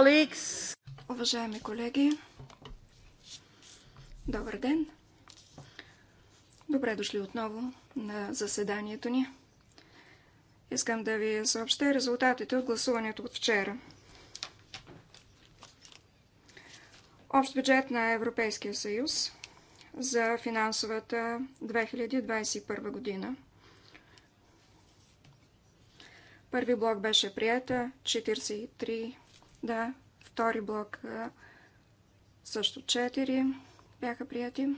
Алекс! Уважаеми колеги, добър ден! Добре дошли отново на заседанието ни. Искам да ви съобща резултатите от гласуването от вчера. Общ бюджет на Европейския съюз за финансовата 2021 година. Първи блок беше прията 43 да, втори блок също 4 бяха прияти.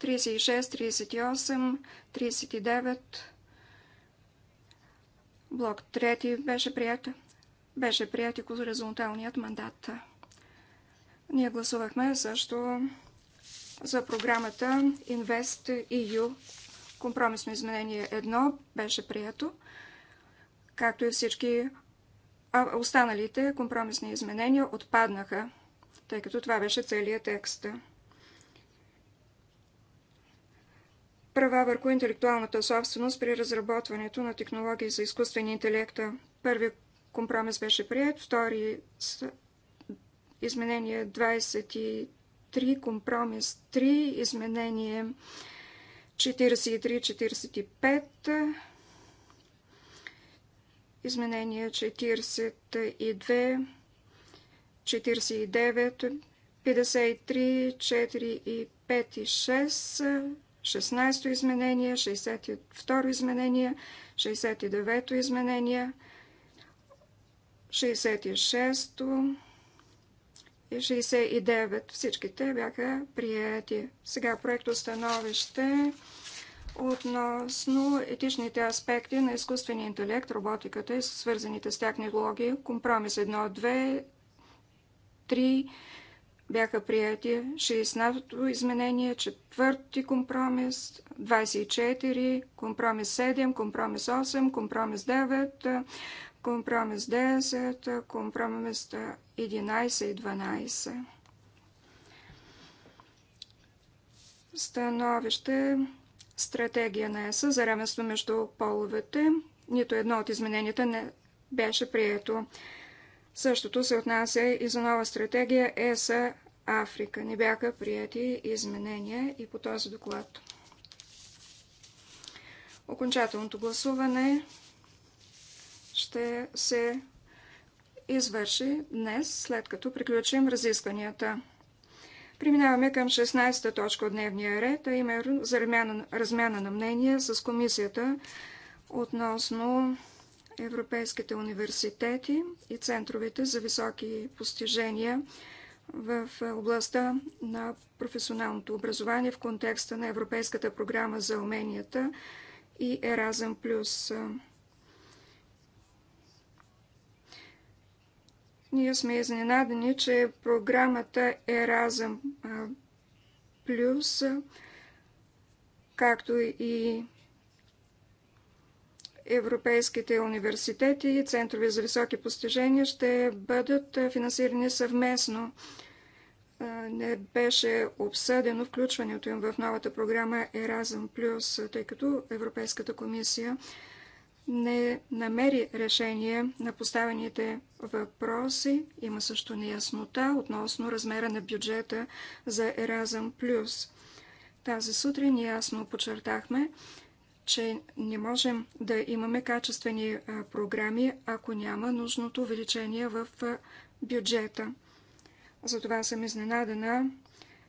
36, 38, 39. Блок 3 беше прият. Беше прият и хоризонталният мандат. Ние гласувахме също за програмата Invest EU. Компромисно изменение 1 беше прието, както и всички а останалите компромисни изменения отпаднаха, тъй като това беше целият текст. Права върху интелектуалната собственост при разработването на технологии за изкуствени интелекта. Първи компромис беше прият, втори с изменение 23, компромис 3, изменение 43-45, Изменения 42, 49, 53, 4 5 и 6, 16 изменение, 62 изменение, 69 изменение, 66 и 69. всичките бяха приети. Сега проект установище относно етичните аспекти на изкуствения интелект, роботиката и свързаните с тях технологии. Компромис 1, 2, 3 бяха прияти 16-то изменение, четвърти компромис, 24, компромис 7, компромис 8, компромис 9, компромис 10, компромис 11 и 12. Становище стратегия на ЕСА за равенство между половете. Нито едно от измененията не беше прието. Същото се отнася и за нова стратегия ЕСА Африка. Не бяха прияти изменения и по този доклад. Окончателното гласуване ще се извърши днес, след като приключим разискванията. Преминаваме към 16-та точка от дневния ред, а именно за размяна, размяна на мнение с комисията относно европейските университети и центровете за високи постижения в областта на професионалното образование в контекста на Европейската програма за уменията и Еразъм Плюс. Ние сме изненадени, че програмата разъм Плюс, както и европейските университети и центрове за високи постижения ще бъдат финансирани съвместно. Не беше обсъдено включването им в новата програма Еразъм Плюс, тъй като Европейската комисия не намери решение на поставените въпроси. Има също неяснота относно размера на бюджета за Еразъм Плюс. Тази сутрин ясно подчертахме, че не можем да имаме качествени програми, ако няма нужното увеличение в бюджета. Затова съм изненадана,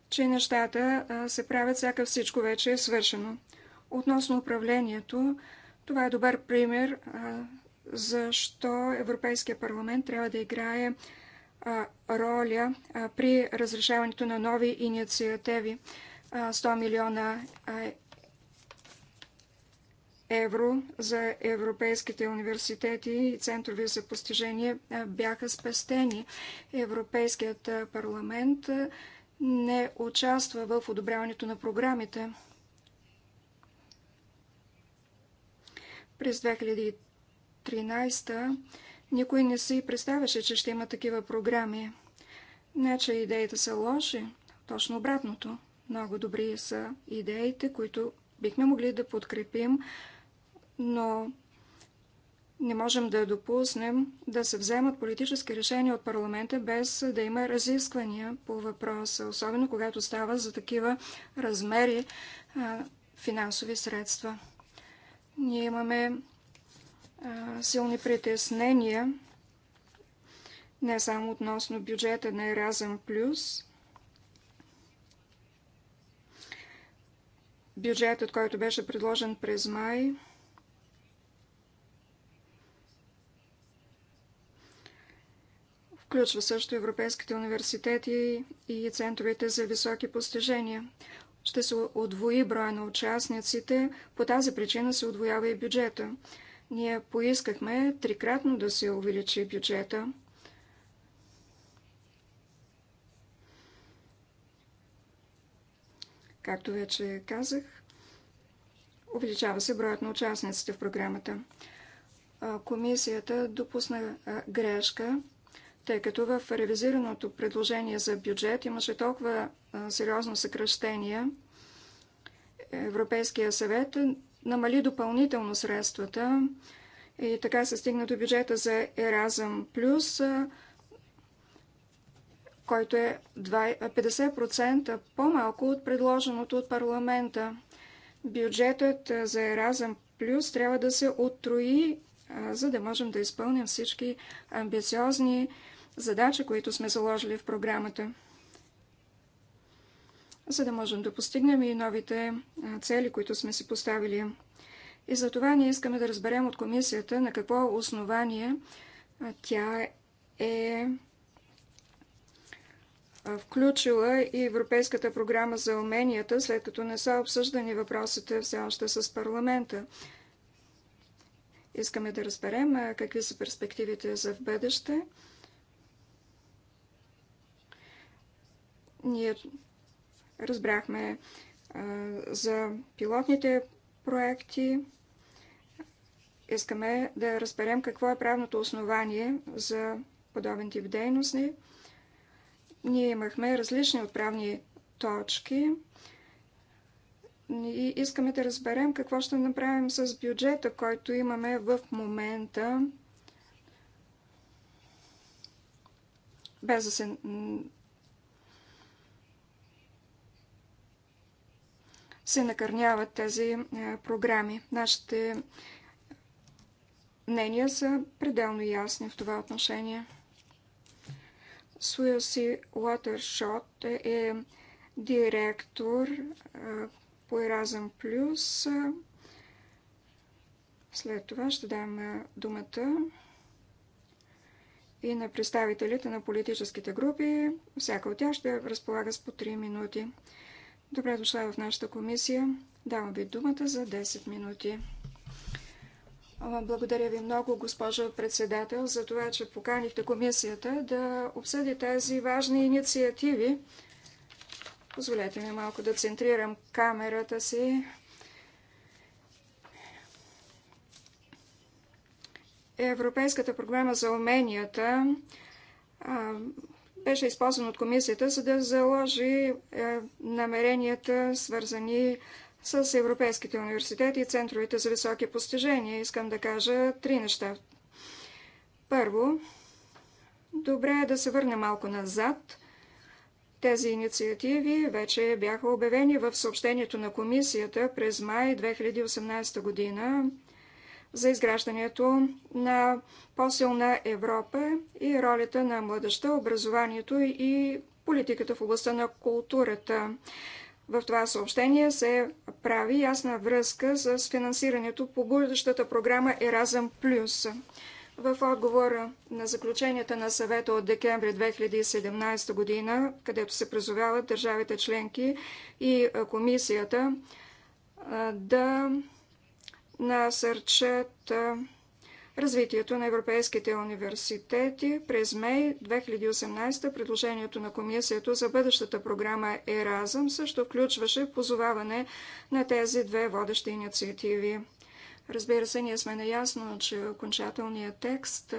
че нещата се правят всяка всичко вече е свършено. Относно управлението, това е добър пример защо Европейския парламент трябва да играе роля при разрешаването на нови инициативи. 100 милиона евро за европейските университети и центрове за постижение бяха спестени. Европейският парламент не участва в одобряването на програмите. През 2013 никой не си представяше, че ще има такива програми. Не, значи, че идеите са лоши, точно обратното. Много добри са идеите, които бихме могли да подкрепим, но не можем да допуснем да се вземат политически решения от парламента без да има разисквания по въпроса, особено когато става за такива размери а, финансови средства. Ние имаме силни притеснения не само относно бюджета на Еразъм Плюс, бюджетът, който беше предложен през май, включва също европейските университети и центровете за високи постижения ще се отвои броя на участниците. По тази причина се отвоява и бюджета. Ние поискахме трикратно да се увеличи бюджета. Както вече казах, увеличава се броят на участниците в програмата. Комисията допусна грешка тъй като в ревизираното предложение за бюджет имаше толкова сериозно съкръщение. Европейския съвет намали допълнително средствата и така се стигна до бюджета за Еразъм Плюс, който е 50% по-малко от предложеното от парламента. Бюджетът за Еразъм Плюс трябва да се оттрои за да можем да изпълним всички амбициозни задачи, които сме заложили в програмата, за да можем да постигнем и новите цели, които сме си поставили. И за това ние искаме да разберем от комисията на какво основание тя е включила и Европейската програма за уменията, след като не са обсъждани въпросите все още с парламента. Искаме да разберем какви са перспективите за в бъдеще. Ние разбрахме за пилотните проекти. Искаме да разберем какво е правното основание за подобен тип дейности. Ние имахме различни отправни точки. И искаме да разберем какво ще направим с бюджета, който имаме в момента, без да се се накърняват тези е, програми. Нашите мнения са пределно ясни в това отношение. Суэлси Уотершот е, е директор е, по Еразъм Плюс. След това ще дам думата и на представителите на политическите групи. Всяка от тях ще разполага с по 3 минути. Добре дошла в нашата комисия. Давам ви думата за 10 минути. Благодаря ви много, госпожо председател, за това, че поканихте комисията да обсъди тези важни инициативи. Позволете ми малко да центрирам камерата си. Европейската програма за уменията беше използван от комисията, за да заложи е, намеренията, свързани с европейските университети и центровете за високи постижения. Искам да кажа три неща. Първо, добре е да се върне малко назад. Тези инициативи вече бяха обявени в съобщението на комисията през май 2018 година за изграждането на по-силна Европа и ролята на младеща, образованието и политиката в областта на културата. В това съобщение се прави ясна връзка с финансирането по бъдещата програма Еразъм Плюс. В отговора на заключенията на съвета от декември 2017 година, където се призовяват държавите членки и комисията да насърчат развитието на европейските университети. През май 2018 предложението на комисията за бъдещата програма Еразъм също включваше позоваване на тези две водещи инициативи. Разбира се, ние сме наясно, че окончателният текст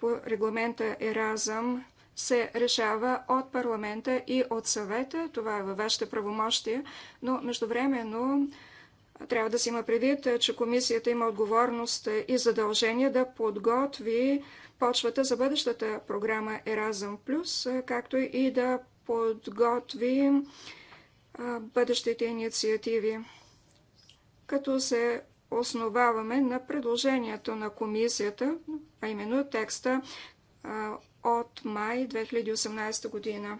по регламента Еразъм се решава от парламента и от съвета. Това е във вашите правомощия, но междувременно трябва да се има предвид, е, че комисията има отговорност е, и задължение да подготви почвата за бъдещата програма Еразъм Плюс, е, както и да подготви бъдещите инициативи. Като се основаваме на предложението на комисията, а именно текста от май 2018 година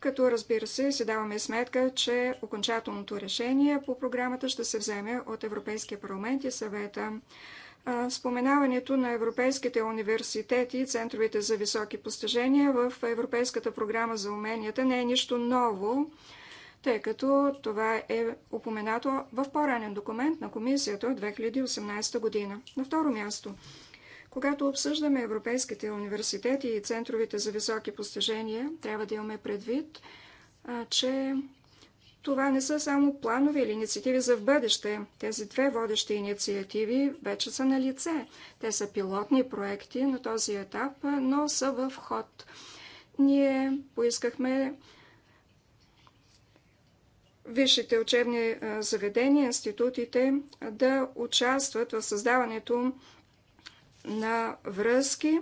като разбира се си даваме сметка, че окончателното решение по програмата ще се вземе от Европейския парламент и съвета. Споменаването на европейските университети и центровете за високи постижения в Европейската програма за уменията не е нищо ново, тъй като това е упоменато в по-ранен документ на комисията от 2018 година. На второ място – когато обсъждаме европейските университети и центровете за високи постижения, трябва да имаме предвид, че това не са само планове или инициативи за в бъдеще. Тези две водещи инициативи вече са на лице. Те са пилотни проекти на този етап, но са в ход. Ние поискахме висшите учебни заведения, институтите да участват в създаването на връзки.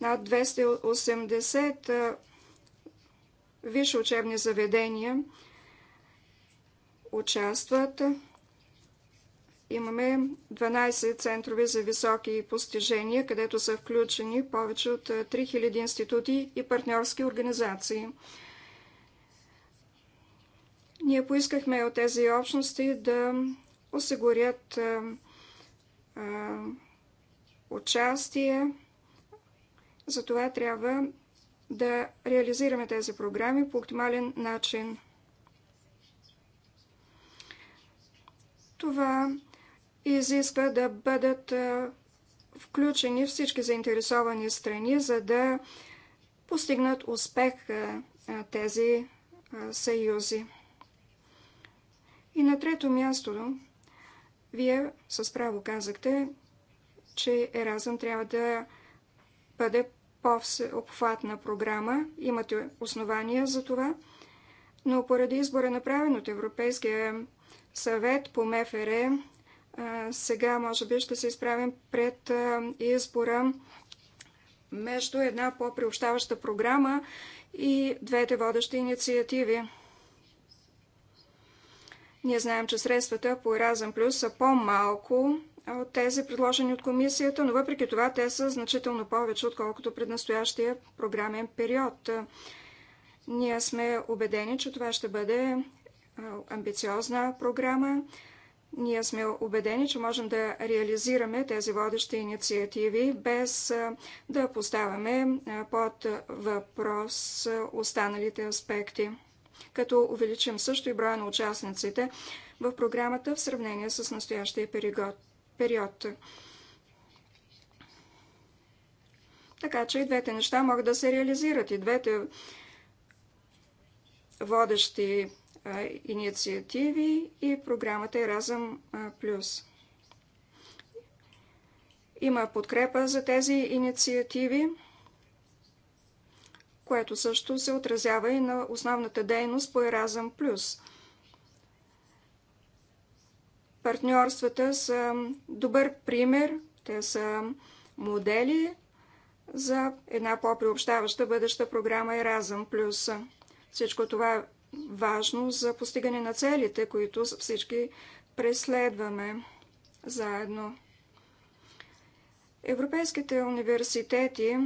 Над 280 висши учебни заведения участват. Имаме 12 центрови за високи постижения, където са включени повече от 3000 институти и партньорски организации. Ние поискахме от тези общности да осигурят а, а, участие. Затова трябва да реализираме тези програми по оптимален начин. Това изисква да бъдат включени всички заинтересовани страни, за да постигнат успех тези съюзи. И на трето място вие с право казахте, че Еразъм трябва да бъде по-обхватна програма. Имате основания за това. Но поради избора направен от Европейския съвет по МФР, сега може би ще се изправим пред избора между една по-приобщаваща програма и двете водещи инициативи. Ние знаем, че средствата по Еразъм Плюс са по-малко от тези предложени от комисията, но въпреки това те са значително повече, отколкото пред настоящия програмен период. Ние сме убедени, че това ще бъде амбициозна програма. Ние сме убедени, че можем да реализираме тези водещи инициативи без да поставяме под въпрос останалите аспекти като увеличим също и броя на участниците в програмата в сравнение с настоящия период. Така че и двете неща могат да се реализират. И двете водещи инициативи и програмата Еразъм Плюс. Има подкрепа за тези инициативи което също се отразява и на основната дейност по Еразъм Плюс. Партньорствата са добър пример, те са модели за една по-приобщаваща бъдеща програма Еразъм Плюс. Всичко това е важно за постигане на целите, които всички преследваме заедно. Европейските университети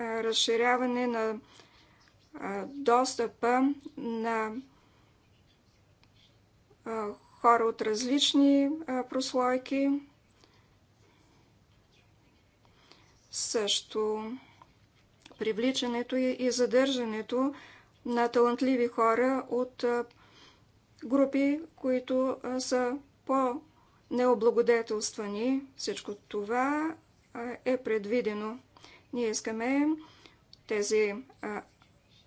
разширяване на достъпа на хора от различни прослойки. Също привличането и задържането на талантливи хора от групи, които са по-необлагодетелствани. Всичко това е предвидено. Ние искаме тези а,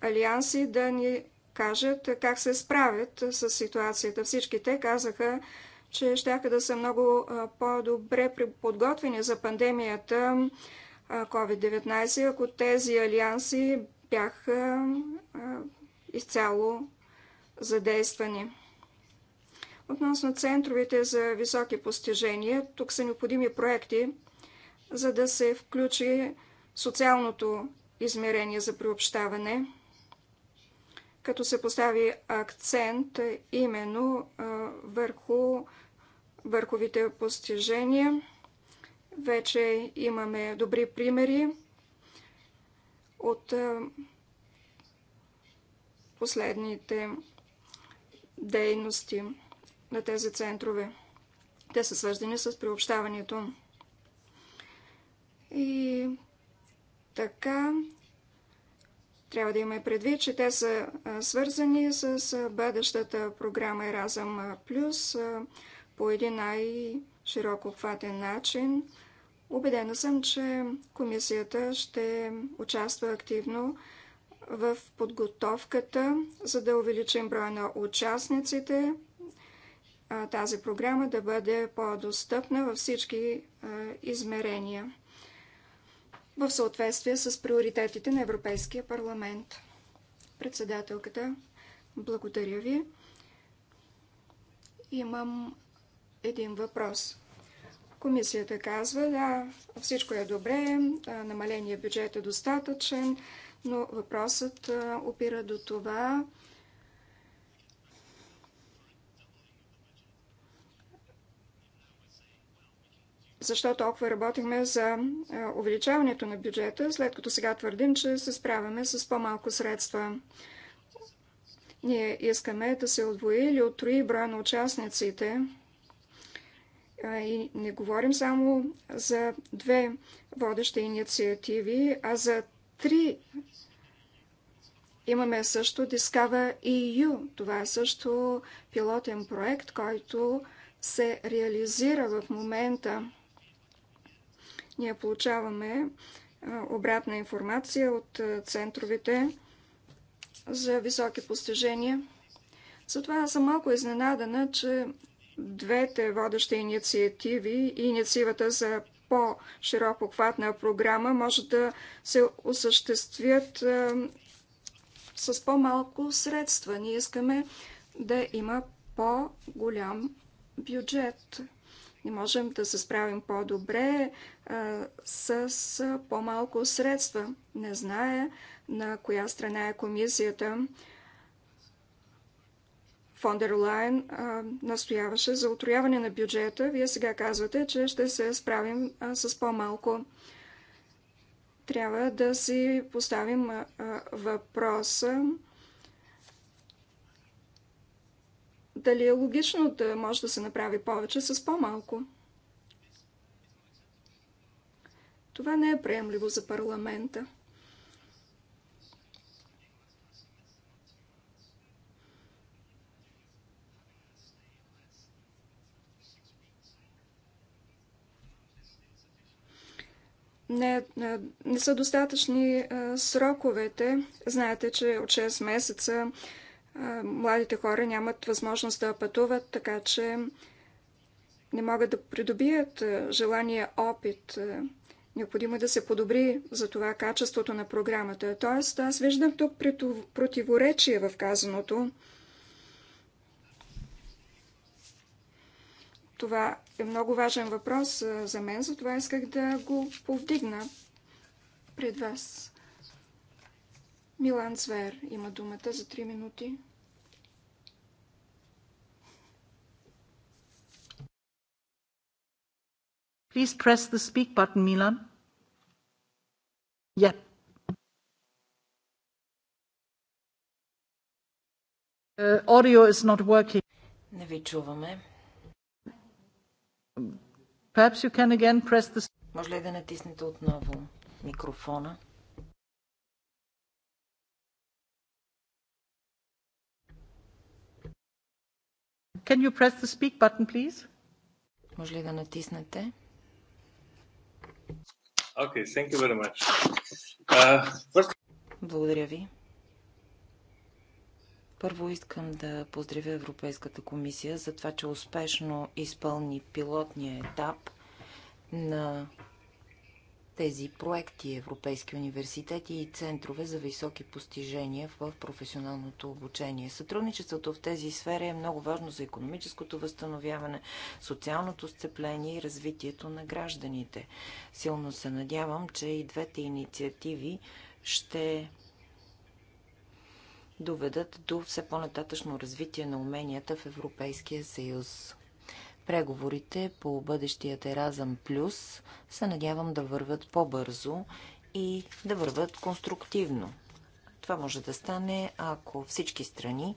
алианси да ни кажат как се справят с ситуацията. Всички те казаха, че щяха да са много по-добре подготвени за пандемията COVID-19, ако тези алианси бяха изцяло задействани. Относно центровете за високи постижения, тук са необходими проекти, за да се включи социалното измерение за приобщаване, като се постави акцент именно върху върховите постижения. Вече имаме добри примери от последните дейности на тези центрове. Те са свързани с приобщаването. И така трябва да има предвид, че те са свързани с бъдещата програма Еразъм Плюс по един най-широко обхватен начин. Убедена съм, че комисията ще участва активно в подготовката, за да увеличим броя на участниците, тази програма да бъде по-достъпна във всички измерения в съответствие с приоритетите на Европейския парламент. Председателката, благодаря ви. Имам един въпрос. Комисията казва, да, всичко е добре, намаление бюджет е достатъчен, но въпросът опира до това, защо толкова работихме за увеличаването на бюджета, след като сега твърдим, че се справяме с по-малко средства. Ние искаме да се отвои или отрои броя на участниците. И не говорим само за две водещи инициативи, а за три. Имаме също Discover EU. Това е също пилотен проект, който се реализира в момента. Ние получаваме обратна информация от центровете за високи постижения. Затова аз съм малко изненадана, че двете водещи инициативи и инициативата за по-широко хватна програма може да се осъществят с по-малко средства. Ние искаме да има по-голям бюджет и можем да се справим по-добре с по-малко средства. Не зная на коя страна е комисията. Фондер Лайн настояваше за отрояване на бюджета. Вие сега казвате, че ще се справим а, с по-малко. Трябва да си поставим а, а, въпроса Дали е логично да може да се направи повече с по-малко? Това не е приемливо за парламента. не, е, не са достатъчни е, сроковете. Знаете, че от 6 месеца младите хора нямат възможност да пътуват, така че не могат да придобият желания опит. Необходимо е да се подобри за това качеството на програмата. Тоест, аз виждам тук противоречие в казаното. Това е много важен въпрос за мен, затова исках да го повдигна пред вас. Милан Цвер има думата за 3 минути. Please press the speak button, Milan. Yeah. Uh, audio is not working. Не ви чуваме. Perhaps you can again press the... Може ли да натиснете отново микрофона? Can you press the speak button, please? Може ли да натиснете? Okay, thank you very much. Uh, first... Благодаря ви. Първо искам да поздравя Европейската комисия за това, че успешно изпълни пилотния етап на тези проекти Европейски университети и центрове за високи постижения в професионалното обучение. Сътрудничеството в тези сфери е много важно за економическото възстановяване, социалното сцепление и развитието на гражданите. Силно се надявам, че и двете инициативи ще доведат до все по-нататъчно развитие на уменията в Европейския съюз преговорите по бъдещият Еразъм Плюс се надявам да върват по-бързо и да върват конструктивно. Това може да стане, ако всички страни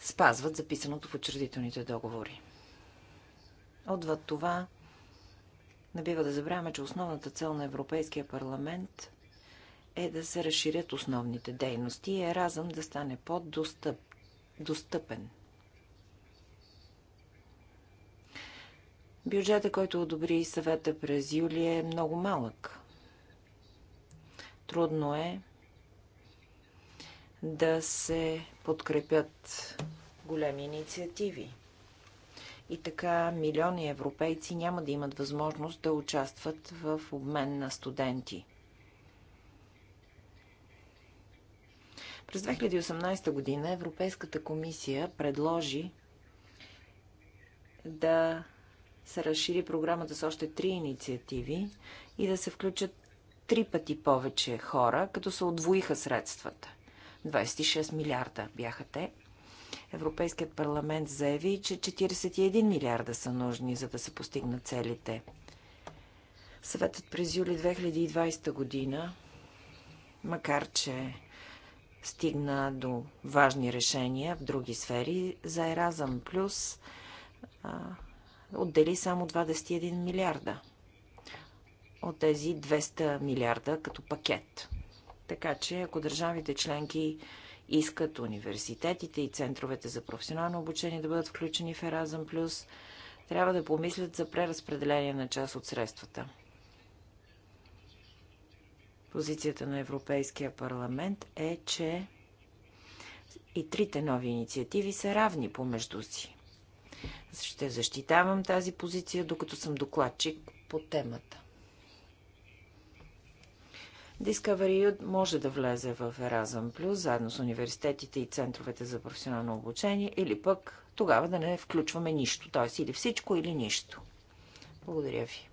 спазват записаното в учредителните договори. Отвъд това, не бива да забравяме, че основната цел на Европейския парламент е да се разширят основните дейности и Еразъм да стане по-достъпен. Бюджета, който одобри съвета през юли е много малък. Трудно е да се подкрепят големи инициативи. И така милиони европейци няма да имат възможност да участват в обмен на студенти. През 2018 година Европейската комисия предложи да се разшири програмата с още три инициативи и да се включат три пъти повече хора, като се отвоиха средствата. 26 милиарда бяха те. Европейският парламент заяви, че 41 милиарда са нужни, за да се постигнат целите. Съветът през юли 2020 година, макар че стигна до важни решения в други сфери, за Еразъм Плюс отдели само 21 милиарда от тези 200 милиарда като пакет. Така че ако държавите членки искат университетите и центровете за професионално обучение да бъдат включени в Еразъм Плюс, трябва да помислят за преразпределение на част от средствата. Позицията на Европейския парламент е, че и трите нови инициативи са равни помежду си. Ще защитавам тази позиция, докато съм докладчик по темата. Discovery може да влезе в Erasmus Plus, заедно с университетите и центровете за професионално обучение, или пък тогава да не включваме нищо, т.е. или всичко, или нищо. Благодаря ви.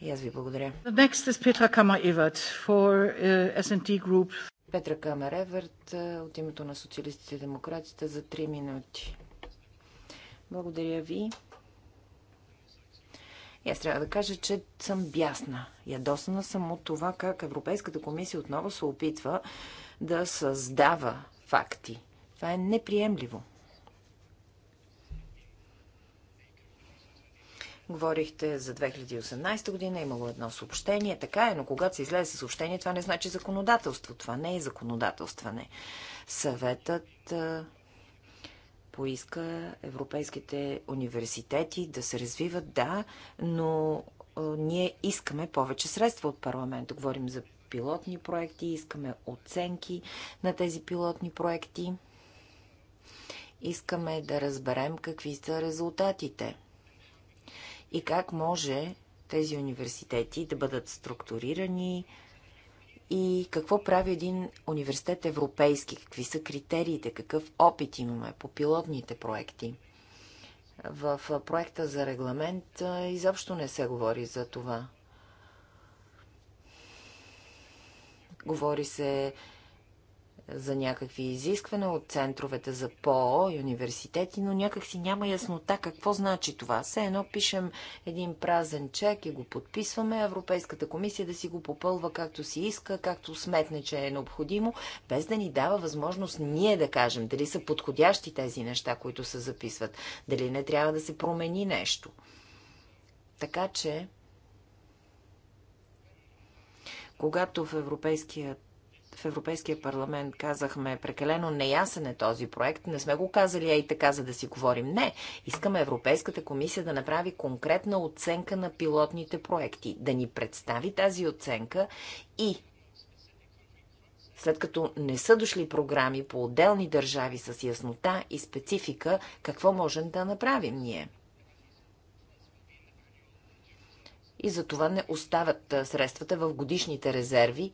И аз ви благодаря. The next is Petra Kammer-Evert for uh, S&T Group. Петра Камер-Еверт uh, от името на социалистите и демократите за 3 минути. Благодаря ви. И аз трябва да кажа, че съм бясна. Ядосана съм от това как Европейската комисия отново се опитва да създава факти. Това е неприемливо. Говорихте за 2018 година, имало едно съобщение, така е, но когато се излезе съобщение, това не значи законодателство. Това не е законодателстване. Съветът поиска европейските университети да се развиват, да, но ние искаме повече средства от парламента. Говорим за пилотни проекти, искаме оценки на тези пилотни проекти. Искаме да разберем какви са резултатите и как може тези университети да бъдат структурирани, и какво прави един университет европейски, какви са критериите, какъв опит имаме по пилотните проекти. В проекта за регламент изобщо не се говори за това. Говори се за някакви изисквания от центровете за ПО и университети, но някак си няма яснота какво значи това. Все едно пишем един празен чек и го подписваме, Европейската комисия да си го попълва както си иска, както сметне, че е необходимо, без да ни дава възможност ние да кажем дали са подходящи тези неща, които се записват, дали не трябва да се промени нещо. Така че, когато в Европейският в Европейския парламент казахме прекалено неясен е този проект, не сме го казали ей така, за да си говорим. Не, искаме Европейската комисия да направи конкретна оценка на пилотните проекти, да ни представи тази оценка и след като не са дошли програми по отделни държави с яснота и специфика, какво можем да направим ние? и затова не оставят средствата в годишните резерви,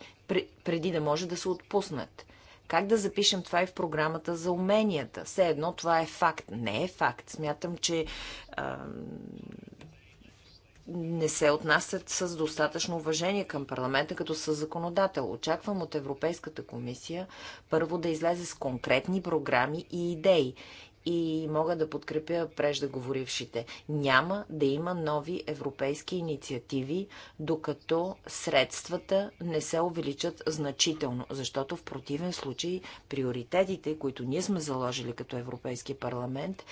преди да може да се отпуснат. Как да запишем това и в програмата за уменията? Все едно това е факт. Не е факт. Смятам, че а, не се отнасят с достатъчно уважение към парламента като със законодател. Очаквам от Европейската комисия първо да излезе с конкретни програми и идеи и мога да подкрепя преждаговорившите. Няма да има нови европейски инициативи, докато средствата не се увеличат значително, защото в противен случай приоритетите, които ние сме заложили като Европейски парламент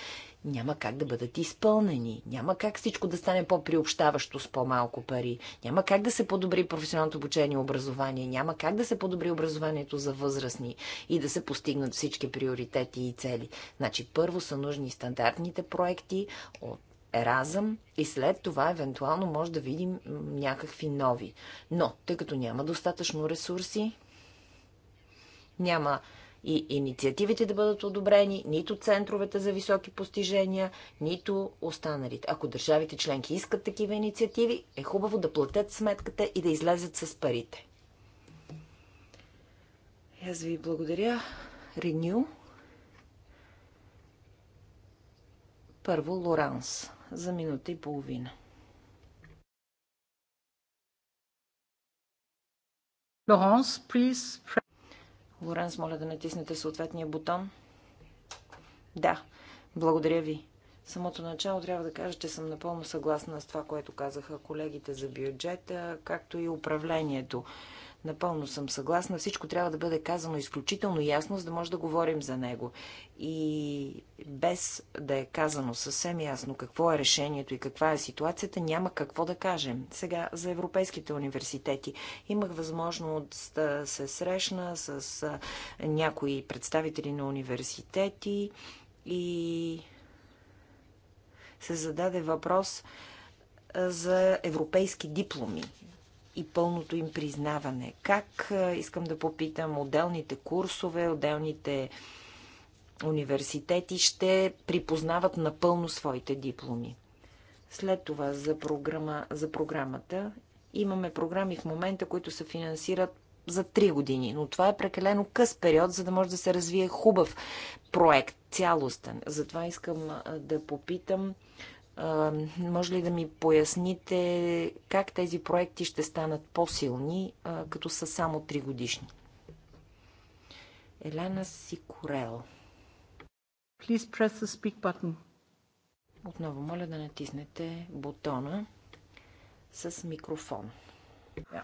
няма как да бъдат изпълнени. Няма как всичко да стане по-приобщаващо с по-малко пари. Няма как да се подобри професионалното обучение и образование. Няма как да се подобри образованието за възрастни и да се постигнат всички приоритети и цели. Значи първо са нужни стандартните проекти от Еразъм и след това евентуално може да видим някакви нови. Но, тъй като няма достатъчно ресурси, няма и инициативите да бъдат одобрени, нито центровете за високи постижения, нито останалите. Ако държавите членки искат такива инициативи, е хубаво да платят сметката и да излезат с парите. Аз ви благодаря. Реню. Първо Лоранс за минута и половина. Лоранс, please. Лоранс, моля да натиснете съответния бутон. Да, благодаря ви. Самото начало трябва да кажа, че съм напълно съгласна с това, което казаха колегите за бюджета, както и управлението. Напълно съм съгласна. Всичко трябва да бъде казано изключително ясно, за да може да говорим за него. И без да е казано съвсем ясно какво е решението и каква е ситуацията, няма какво да кажем. Сега за европейските университети. Имах възможност да се срещна с някои представители на университети и се зададе въпрос за европейски дипломи и пълното им признаване. Как, искам да попитам, отделните курсове, отделните университети ще припознават напълно своите дипломи. След това за, програма, за програмата имаме програми в момента, които се финансират за 3 години, но това е прекалено къс период, за да може да се развие хубав проект, цялостен. Затова искам да попитам може ли да ми поясните как тези проекти ще станат по-силни, като са само 3 годишни? Елена Сикорел. Please press the speak button. Отново моля да натиснете бутона с микрофон. Yeah.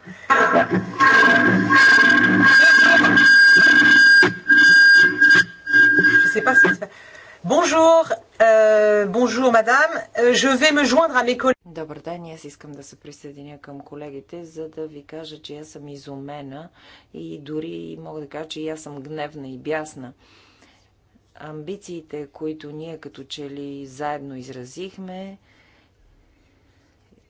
Bonjour Бонжур, euh, мадам. Euh, je vais me joindre à mes collègues. Добър ден, аз искам да се присъединя към колегите, за да ви кажа, че аз съм изумена и дори мога да кажа, че я аз съм гневна и бясна. Амбициите, които ние като че ли заедно изразихме,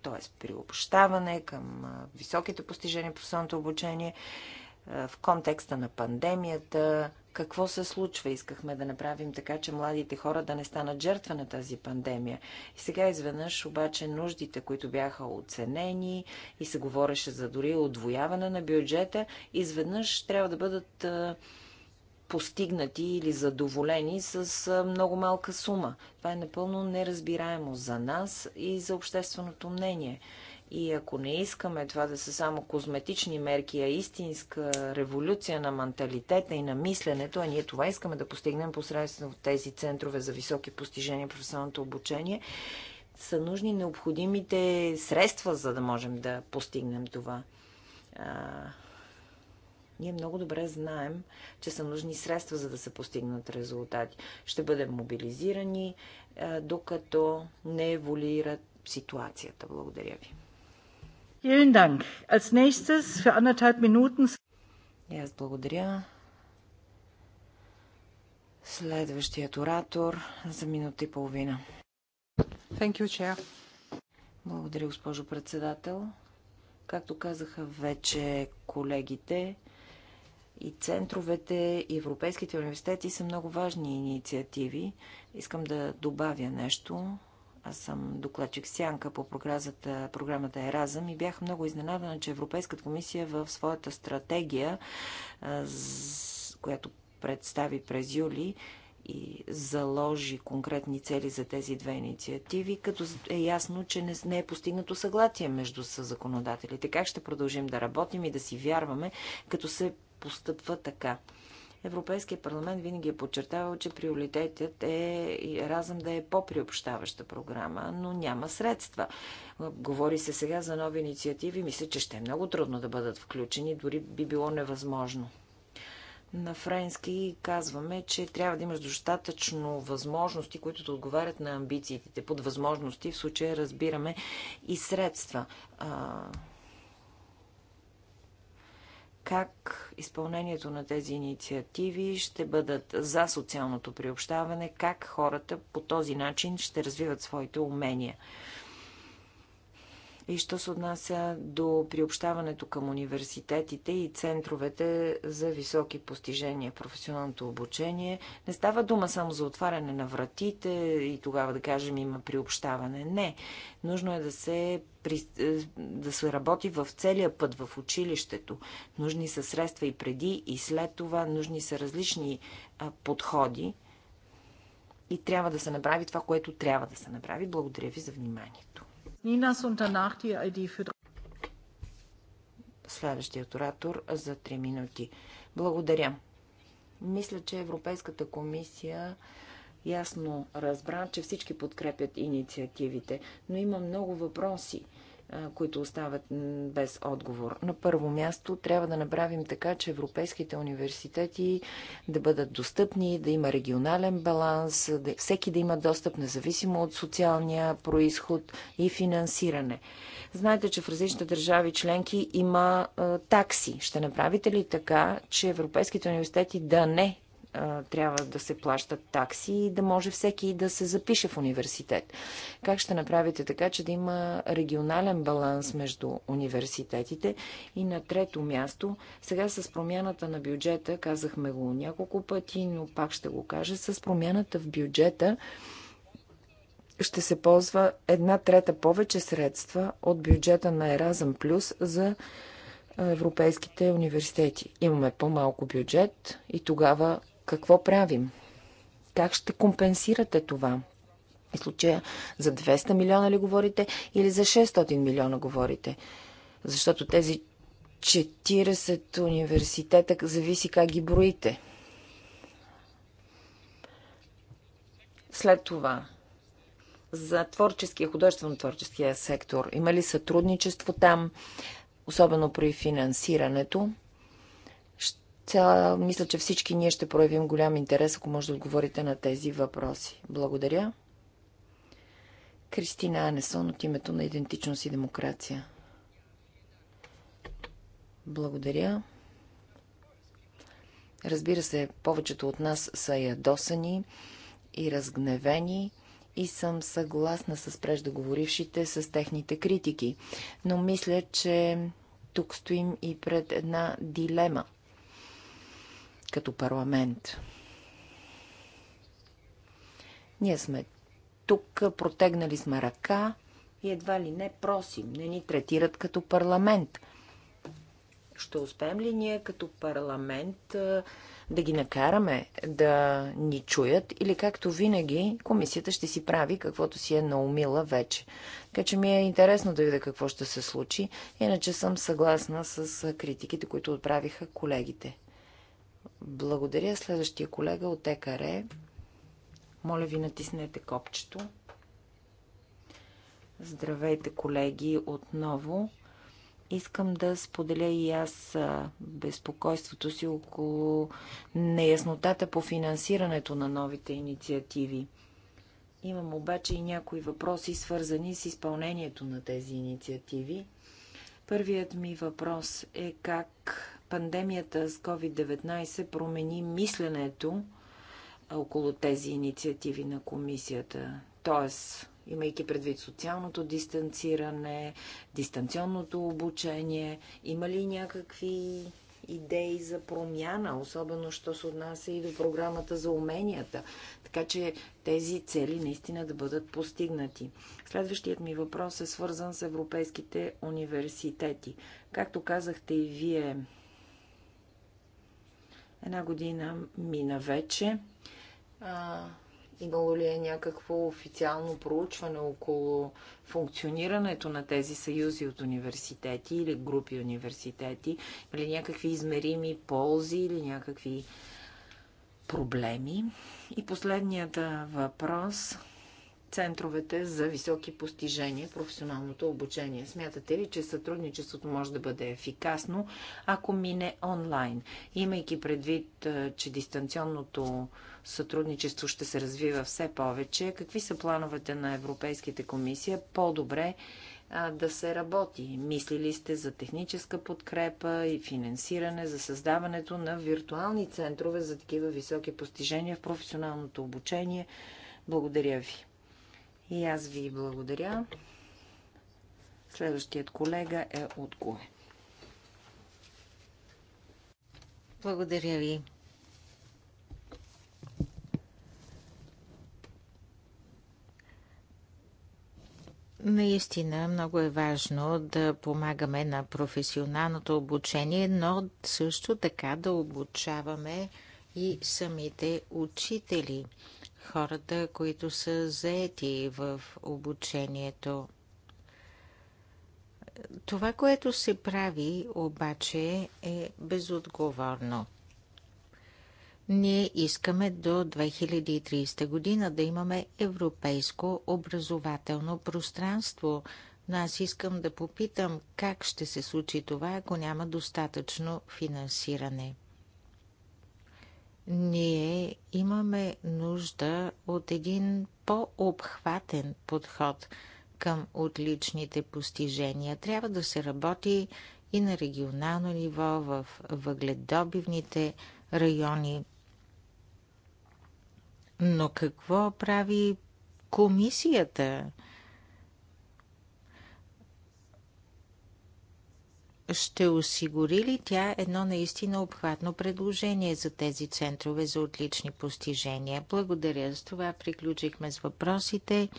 т.е. приобщаване към високите постижения по обучение, в контекста на пандемията, какво се случва. Искахме да направим така, че младите хора да не станат жертва на тази пандемия. И сега изведнъж обаче нуждите, които бяха оценени и се говореше за дори отвояване на бюджета, изведнъж трябва да бъдат постигнати или задоволени с много малка сума. Това е напълно неразбираемо за нас и за общественото мнение. И ако не искаме това да са само козметични мерки, а истинска революция на менталитета и на мисленето, а ние това искаме да постигнем посредством тези центрове за високи постижения, професионалното обучение, са нужни необходимите средства, за да можем да постигнем това. А, ние много добре знаем, че са нужни средства, за да се постигнат резултати. Ще бъдем мобилизирани, а, докато не еволюират ситуацията. Благодаря ви. И аз благодаря. Следващият оратор за минута и половина. Thank you, Chair. Благодаря, госпожо председател. Както казаха вече колегите, и центровете, и европейските университети са много важни инициативи. Искам да добавя нещо. Аз съм докладчик Сянка по програмата, програмата Еразъм и бях много изненадана, че Европейската комисия в своята стратегия, която представи през юли, и заложи конкретни цели за тези две инициативи, като е ясно, че не, е постигнато съгласие между законодателите. Как ще продължим да работим и да си вярваме, като се постъпва така? Европейския парламент винаги е подчертавал, че приоритетът е разъм да е по-приобщаваща програма, но няма средства. Говори се сега за нови инициативи. Мисля, че ще е много трудно да бъдат включени, дори би било невъзможно на френски казваме, че трябва да имаш достатъчно възможности, които да отговарят на амбициите. Под възможности в случая разбираме и средства как изпълнението на тези инициативи ще бъдат за социалното приобщаване, как хората по този начин ще развиват своите умения. И що се отнася до приобщаването към университетите и центровете за високи постижения, професионалното обучение, не става дума само за отваряне на вратите и тогава да кажем има приобщаване. Не. Нужно е да се е, да се работи в целия път в училището. Нужни са средства и преди, и след това. Нужни са различни подходи. И трябва да се направи това, което трябва да се направи. Благодаря ви за вниманието. Ninas und danach die Следващият оратор за 3 минути. Благодаря. Мисля, че Европейската комисия ясно разбра, че всички подкрепят инициативите, но има много въпроси които остават без отговор. На първо място трябва да направим така, че европейските университети да бъдат достъпни, да има регионален баланс, да, всеки да има достъп, независимо от социалния происход и финансиране. Знаете, че в различните държави членки има такси. Ще направите ли така, че европейските университети да не трябва да се плащат такси и да може всеки да се запише в университет. Как ще направите така, че да има регионален баланс между университетите? И на трето място, сега с промяната на бюджета, казахме го няколко пъти, но пак ще го кажа, с промяната в бюджета ще се ползва една трета повече средства от бюджета на Еразъм Плюс за европейските университети. Имаме по-малко бюджет и тогава какво правим? Как ще компенсирате това? И случая за 200 милиона ли говорите или за 600 милиона говорите? Защото тези 40 университета зависи как ги броите. След това, за творческия, художествено-творческия сектор, има ли сътрудничество там, особено при финансирането? Ця, мисля, че всички ние ще проявим голям интерес, ако може да отговорите на тези въпроси. Благодаря. Кристина Анесон от името на Идентичност и демокрация. Благодаря. Разбира се, повечето от нас са ядосани и разгневени и съм съгласна с преждоговорившите с техните критики. Но мисля, че тук стоим и пред една дилема – като парламент. Ние сме тук, протегнали сме ръка и едва ли не просим, не ни третират като парламент. Ще успеем ли ние като парламент да ги накараме да ни чуят или както винаги комисията ще си прави каквото си е наумила вече. Така че ми е интересно да видя какво ще се случи, иначе съм съгласна с критиките, които отправиха колегите. Благодаря. Следващия колега от ЕКР. Моля ви, натиснете копчето. Здравейте, колеги, отново. Искам да споделя и аз безпокойството си около неяснотата по финансирането на новите инициативи. Имам обаче и някои въпроси, свързани с изпълнението на тези инициативи. Първият ми въпрос е как Пандемията с COVID-19 промени мисленето около тези инициативи на комисията. Тоест, имайки предвид социалното дистанциране, дистанционното обучение, има ли някакви идеи за промяна, особено що се отнася и до програмата за уменията. Така че тези цели наистина да бъдат постигнати. Следващият ми въпрос е свързан с европейските университети. Както казахте и вие, Една година мина вече. А, имало ли е някакво официално проучване около функционирането на тези съюзи от университети или групи университети? Или някакви измерими ползи или някакви проблеми? И последният въпрос центровете за високи постижения, професионалното обучение. Смятате ли, че сътрудничеството може да бъде ефикасно, ако мине онлайн? Имайки предвид, че дистанционното сътрудничество ще се развива все повече, какви са плановете на Европейските комисия по-добре да се работи? Мислили сте за техническа подкрепа и финансиране за създаването на виртуални центрове за такива високи постижения в професионалното обучение? Благодаря ви. И аз ви благодаря. Следващият колега е от ГУЕ. Благодаря ви. Наистина много е важно да помагаме на професионалното обучение, но също така да обучаваме и самите учители хората, които са заети в обучението. Това, което се прави, обаче е безотговорно. Ние искаме до 2030 година да имаме европейско образователно пространство, но аз искам да попитам как ще се случи това, ако няма достатъчно финансиране. Ние имаме нужда от един по-обхватен подход към отличните постижения. Трябва да се работи и на регионално ниво, в въгледобивните райони. Но какво прави комисията? ще осигури ли тя едно наистина обхватно предложение за тези центрове за отлични постижения? Благодаря. С това приключихме с въпросите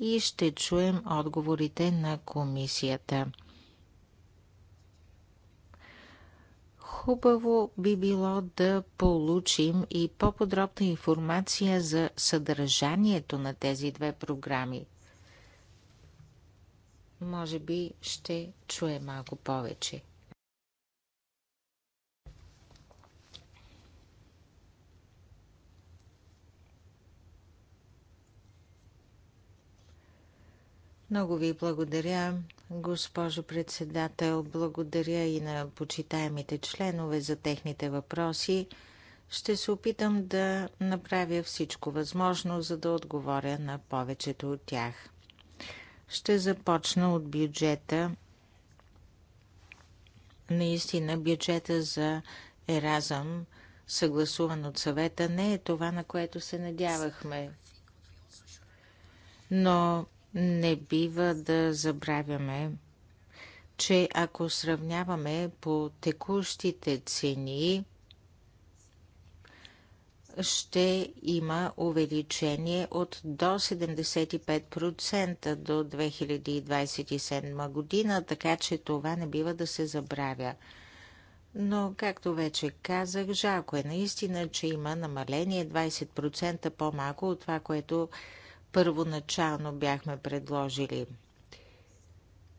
и ще чуем отговорите на комисията. Хубаво би било да получим и по-подробна информация за съдържанието на тези две програми може би ще чуе малко повече. Много ви благодаря, госпожо председател. Благодаря и на почитаемите членове за техните въпроси. Ще се опитам да направя всичко възможно, за да отговоря на повечето от тях. Ще започна от бюджета. Наистина бюджета за Еразъм, съгласуван от съвета, не е това, на което се надявахме. Но не бива да забравяме, че ако сравняваме по текущите цени, ще има увеличение от до 75% до 2027 година, така че това не бива да се забравя. Но, както вече казах, жалко е наистина, че има намаление 20% по-малко от това, което първоначално бяхме предложили.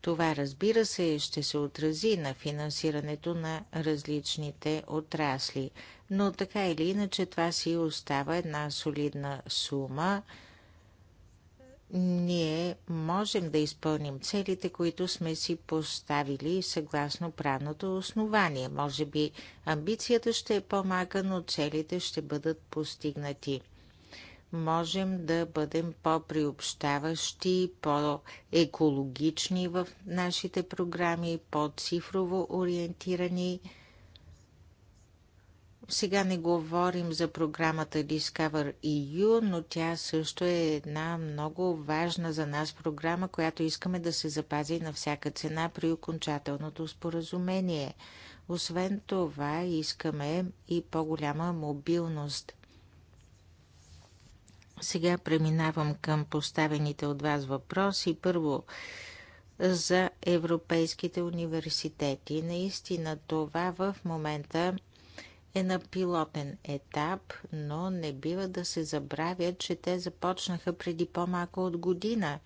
Това, разбира се, ще се отрази на финансирането на различните отрасли но така или иначе това си остава една солидна сума. Ние можем да изпълним целите, които сме си поставили съгласно правното основание. Може би амбицията ще е по мака но целите ще бъдат постигнати можем да бъдем по-приобщаващи, по-екологични в нашите програми, по-цифрово ориентирани – сега не говорим за програмата Discover EU, но тя също е една много важна за нас програма, която искаме да се запази на всяка цена при окончателното споразумение. Освен това, искаме и по-голяма мобилност. Сега преминавам към поставените от вас въпроси. Първо, за европейските университети. Наистина това в момента е на пилотен етап, но не бива да се забравя, че те започнаха преди по-малко от година.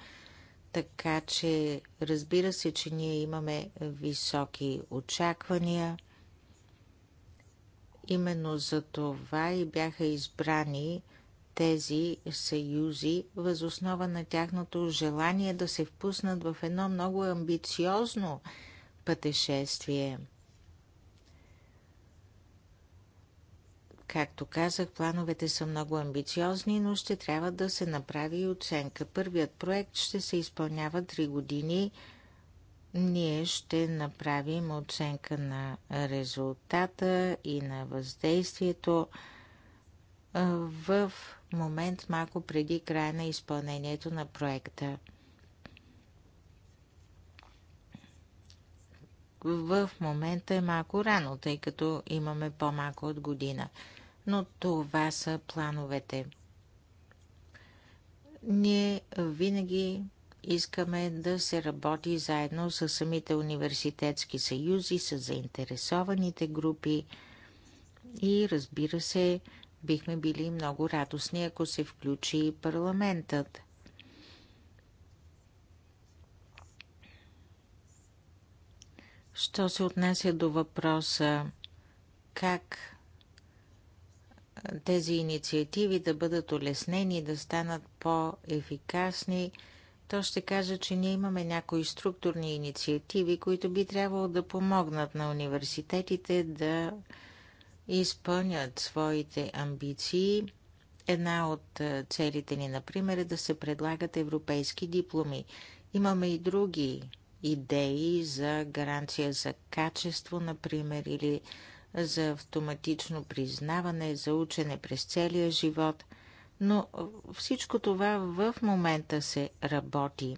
Така че разбира се, че ние имаме високи очаквания. Именно за това и бяха избрани тези съюзи, възоснова на тяхното желание да се впуснат в едно много амбициозно пътешествие – Както казах, плановете са много амбициозни, но ще трябва да се направи и оценка. Първият проект ще се изпълнява 3 години. Ние ще направим оценка на резултата и на въздействието в момент малко преди края на изпълнението на проекта. В момента е малко рано, тъй като имаме по-малко от година но това са плановете. Ние винаги искаме да се работи заедно с самите университетски съюзи, с заинтересованите групи и разбира се, бихме били много радостни, ако се включи и парламентът. Що се отнася до въпроса как тези инициативи да бъдат улеснени, да станат по-ефикасни, то ще кажа, че ние имаме някои структурни инициативи, които би трябвало да помогнат на университетите да изпълнят своите амбиции. Една от целите ни, например, е да се предлагат европейски дипломи. Имаме и други идеи за гаранция за качество, например, или за автоматично признаване, за учене през целия живот, но всичко това в момента се работи.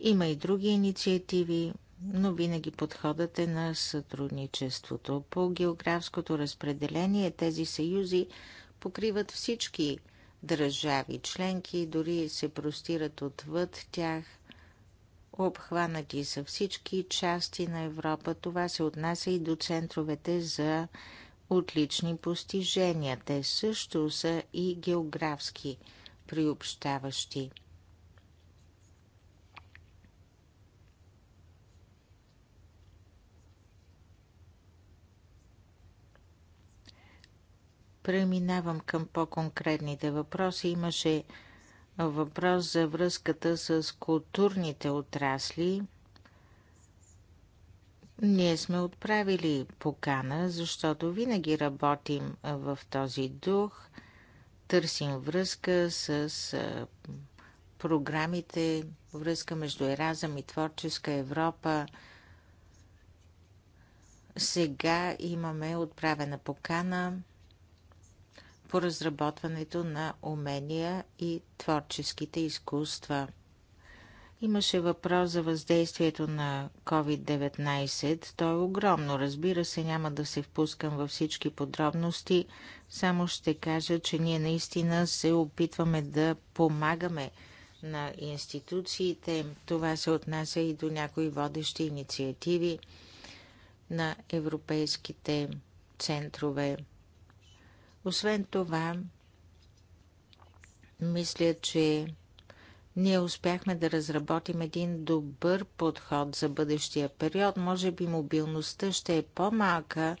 Има и други инициативи, но винаги подходът е на сътрудничеството. По географското разпределение тези съюзи покриват всички държави членки, дори се простират отвъд тях – Обхванати са всички части на Европа. Това се отнася и до центровете за отлични постижения. Те също са и географски приобщаващи. Преминавам към по-конкретните въпроси. Имаше въпрос за връзката с културните отрасли. Ние сме отправили покана, защото винаги работим в този дух, търсим връзка с програмите, връзка между Еразъм и Творческа Европа. Сега имаме отправена покана по разработването на умения и творческите изкуства. Имаше въпрос за въздействието на COVID-19. То е огромно. Разбира се, няма да се впускам във всички подробности. Само ще кажа, че ние наистина се опитваме да помагаме на институциите. Това се отнася и до някои водещи инициативи на европейските центрове освен това, мисля, че ние успяхме да разработим един добър подход за бъдещия период. Може би мобилността ще е по-малка,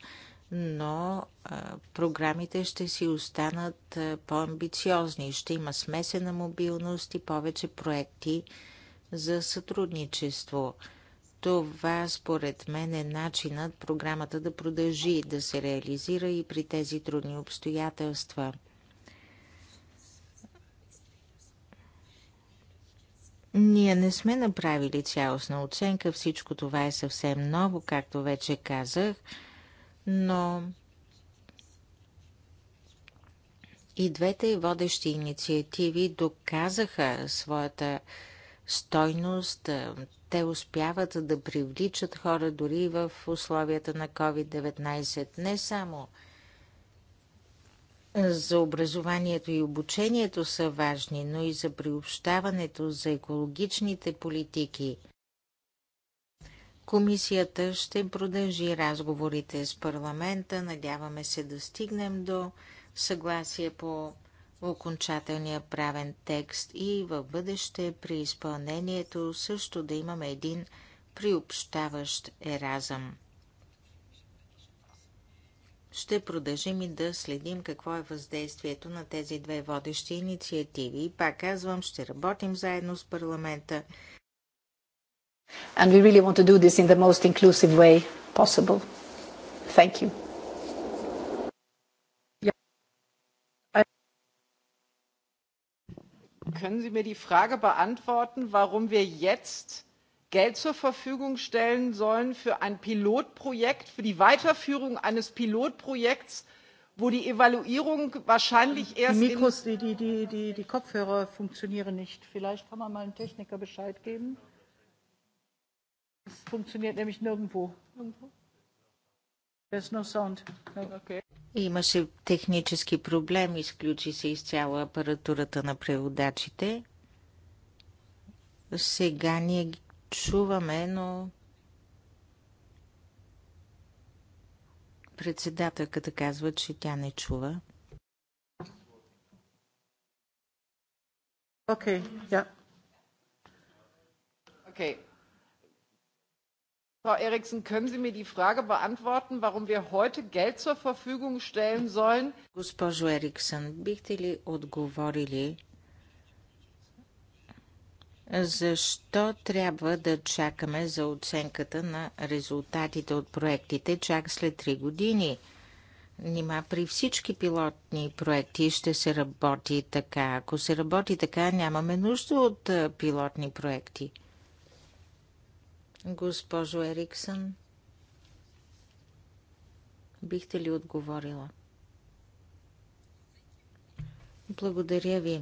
но а, програмите ще си останат по-амбициозни. Ще има смесена мобилност и повече проекти за сътрудничество. Това според мен е начинът програмата да продължи да се реализира и при тези трудни обстоятелства. Ние не сме направили цялостна оценка, всичко това е съвсем ново, както вече казах, но и двете водещи инициативи доказаха своята стойност, те успяват да привличат хора дори в условията на COVID-19. Не само за образованието и обучението са важни, но и за приобщаването, за екологичните политики. Комисията ще продължи разговорите с парламента. Надяваме се да стигнем до съгласие по окончателния правен текст и в бъдеще при изпълнението също да имаме един приобщаващ еразъм. Ще продължим и да следим какво е въздействието на тези две водещи инициативи. И пак казвам, ще работим заедно с парламента. And we really want to do this in the most inclusive way possible. Thank you. können Sie mir die Frage beantworten, warum wir jetzt Geld zur Verfügung stellen sollen für ein Pilotprojekt, für die Weiterführung eines Pilotprojekts, wo die Evaluierung wahrscheinlich erst. Die Mikros, die, die, die, die, die Kopfhörer funktionieren nicht. Vielleicht kann man mal einen Techniker Bescheid geben. Es funktioniert nämlich nirgendwo. Nirgendwo? There's no sound. No. Okay. Имаше технически проблем, изключи се изцяло апаратурата на преводачите. Сега ние ги чуваме, но председателката казва, че тя не чува. Окей, okay, да. Yeah. Okay. Frau Eriksen, können Sie mir die Frage beantworten, warum wir heute Geld zur Verfügung stellen sollen? Госпожо Eriksen, бихте ли отговорили защо трябва да чакаме за оценката на резултатите от проектите чак след три години? Нима при всички пилотни проекти ще се работи така. Ако се работи така, нямаме нужда от пилотни проекти. Госпожо Ериксън, бихте ли отговорила? Благодаря ви.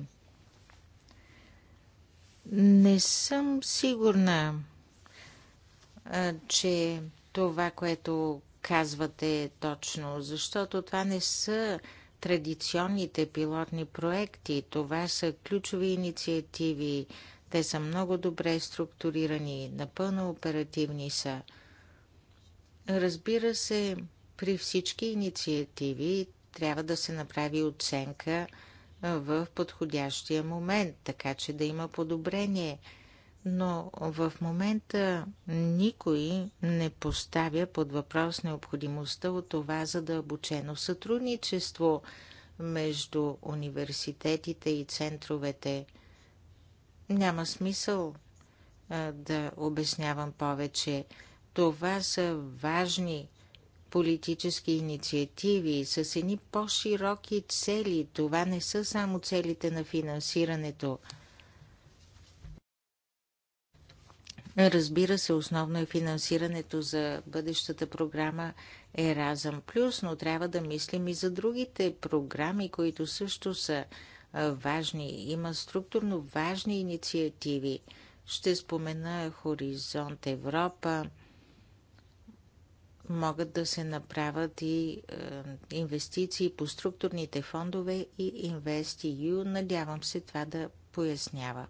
Не съм сигурна, че това, което казвате е точно, защото това не са традиционните пилотни проекти, това са ключови инициативи, те са много добре структурирани, напълно оперативни са. Разбира се, при всички инициативи трябва да се направи оценка в подходящия момент, така че да има подобрение. Но в момента никой не поставя под въпрос необходимостта от това задълбочено сътрудничество между университетите и центровете – няма смисъл а, да обяснявам повече. Това са важни политически инициативи с едни по-широки цели. Това не са само целите на финансирането. Разбира се, основно е финансирането за бъдещата програма Еразъм Плюс, но трябва да мислим и за другите програми, които също са важни. Има структурно важни инициативи. Ще спомена Хоризонт Европа. Могат да се направят и е, инвестиции по структурните фондове и InvestEU. Надявам се това да пояснява.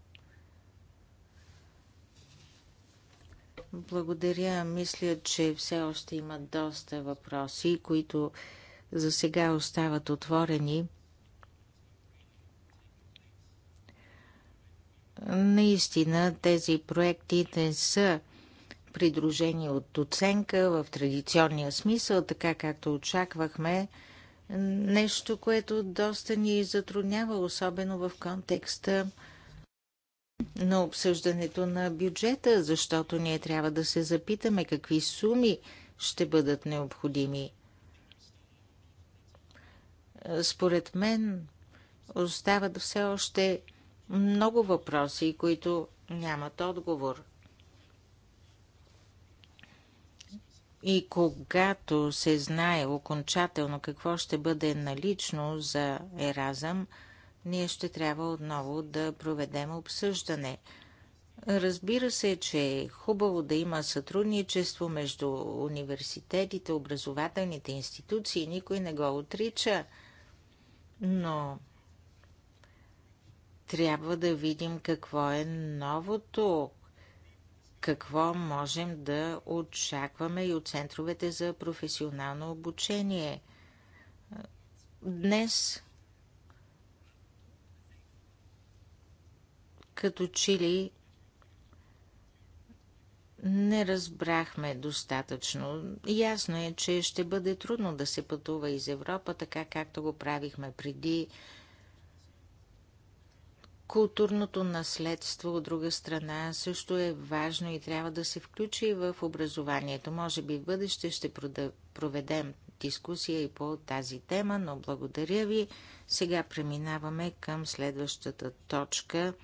Благодаря. Мисля, че все още има доста въпроси, които за сега остават отворени. Наистина тези проекти не са придружени от оценка в традиционния смисъл, така както очаквахме. Нещо, което доста ни затруднява, особено в контекста на обсъждането на бюджета, защото ние трябва да се запитаме какви суми ще бъдат необходими. Според мен остават все още много въпроси, които нямат отговор. И когато се знае окончателно какво ще бъде налично за Еразъм, ние ще трябва отново да проведем обсъждане. Разбира се, че е хубаво да има сътрудничество между университетите, образователните институции, никой не го отрича, но трябва да видим какво е новото, какво можем да очакваме и от центровете за професионално обучение. Днес като чили, не разбрахме достатъчно. Ясно е, че ще бъде трудно да се пътува из Европа, така както го правихме преди Културното наследство, от друга страна, също е важно и трябва да се включи в образованието. Може би в бъдеще ще проведем дискусия и по тази тема, но благодаря ви. Сега преминаваме към следващата точка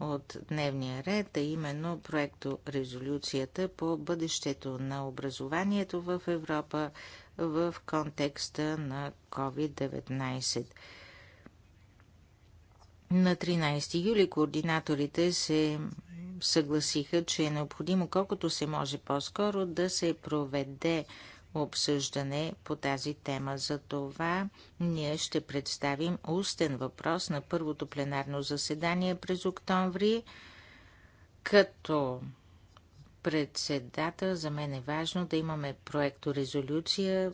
от дневния ред, а именно проекто резолюцията по бъдещето на образованието в Европа в контекста на COVID-19. На 13 юли координаторите се съгласиха, че е необходимо колкото се може по-скоро да се проведе обсъждане по тази тема. За това ние ще представим устен въпрос на първото пленарно заседание през октомври, като председател за мен е важно да имаме проекто резолюция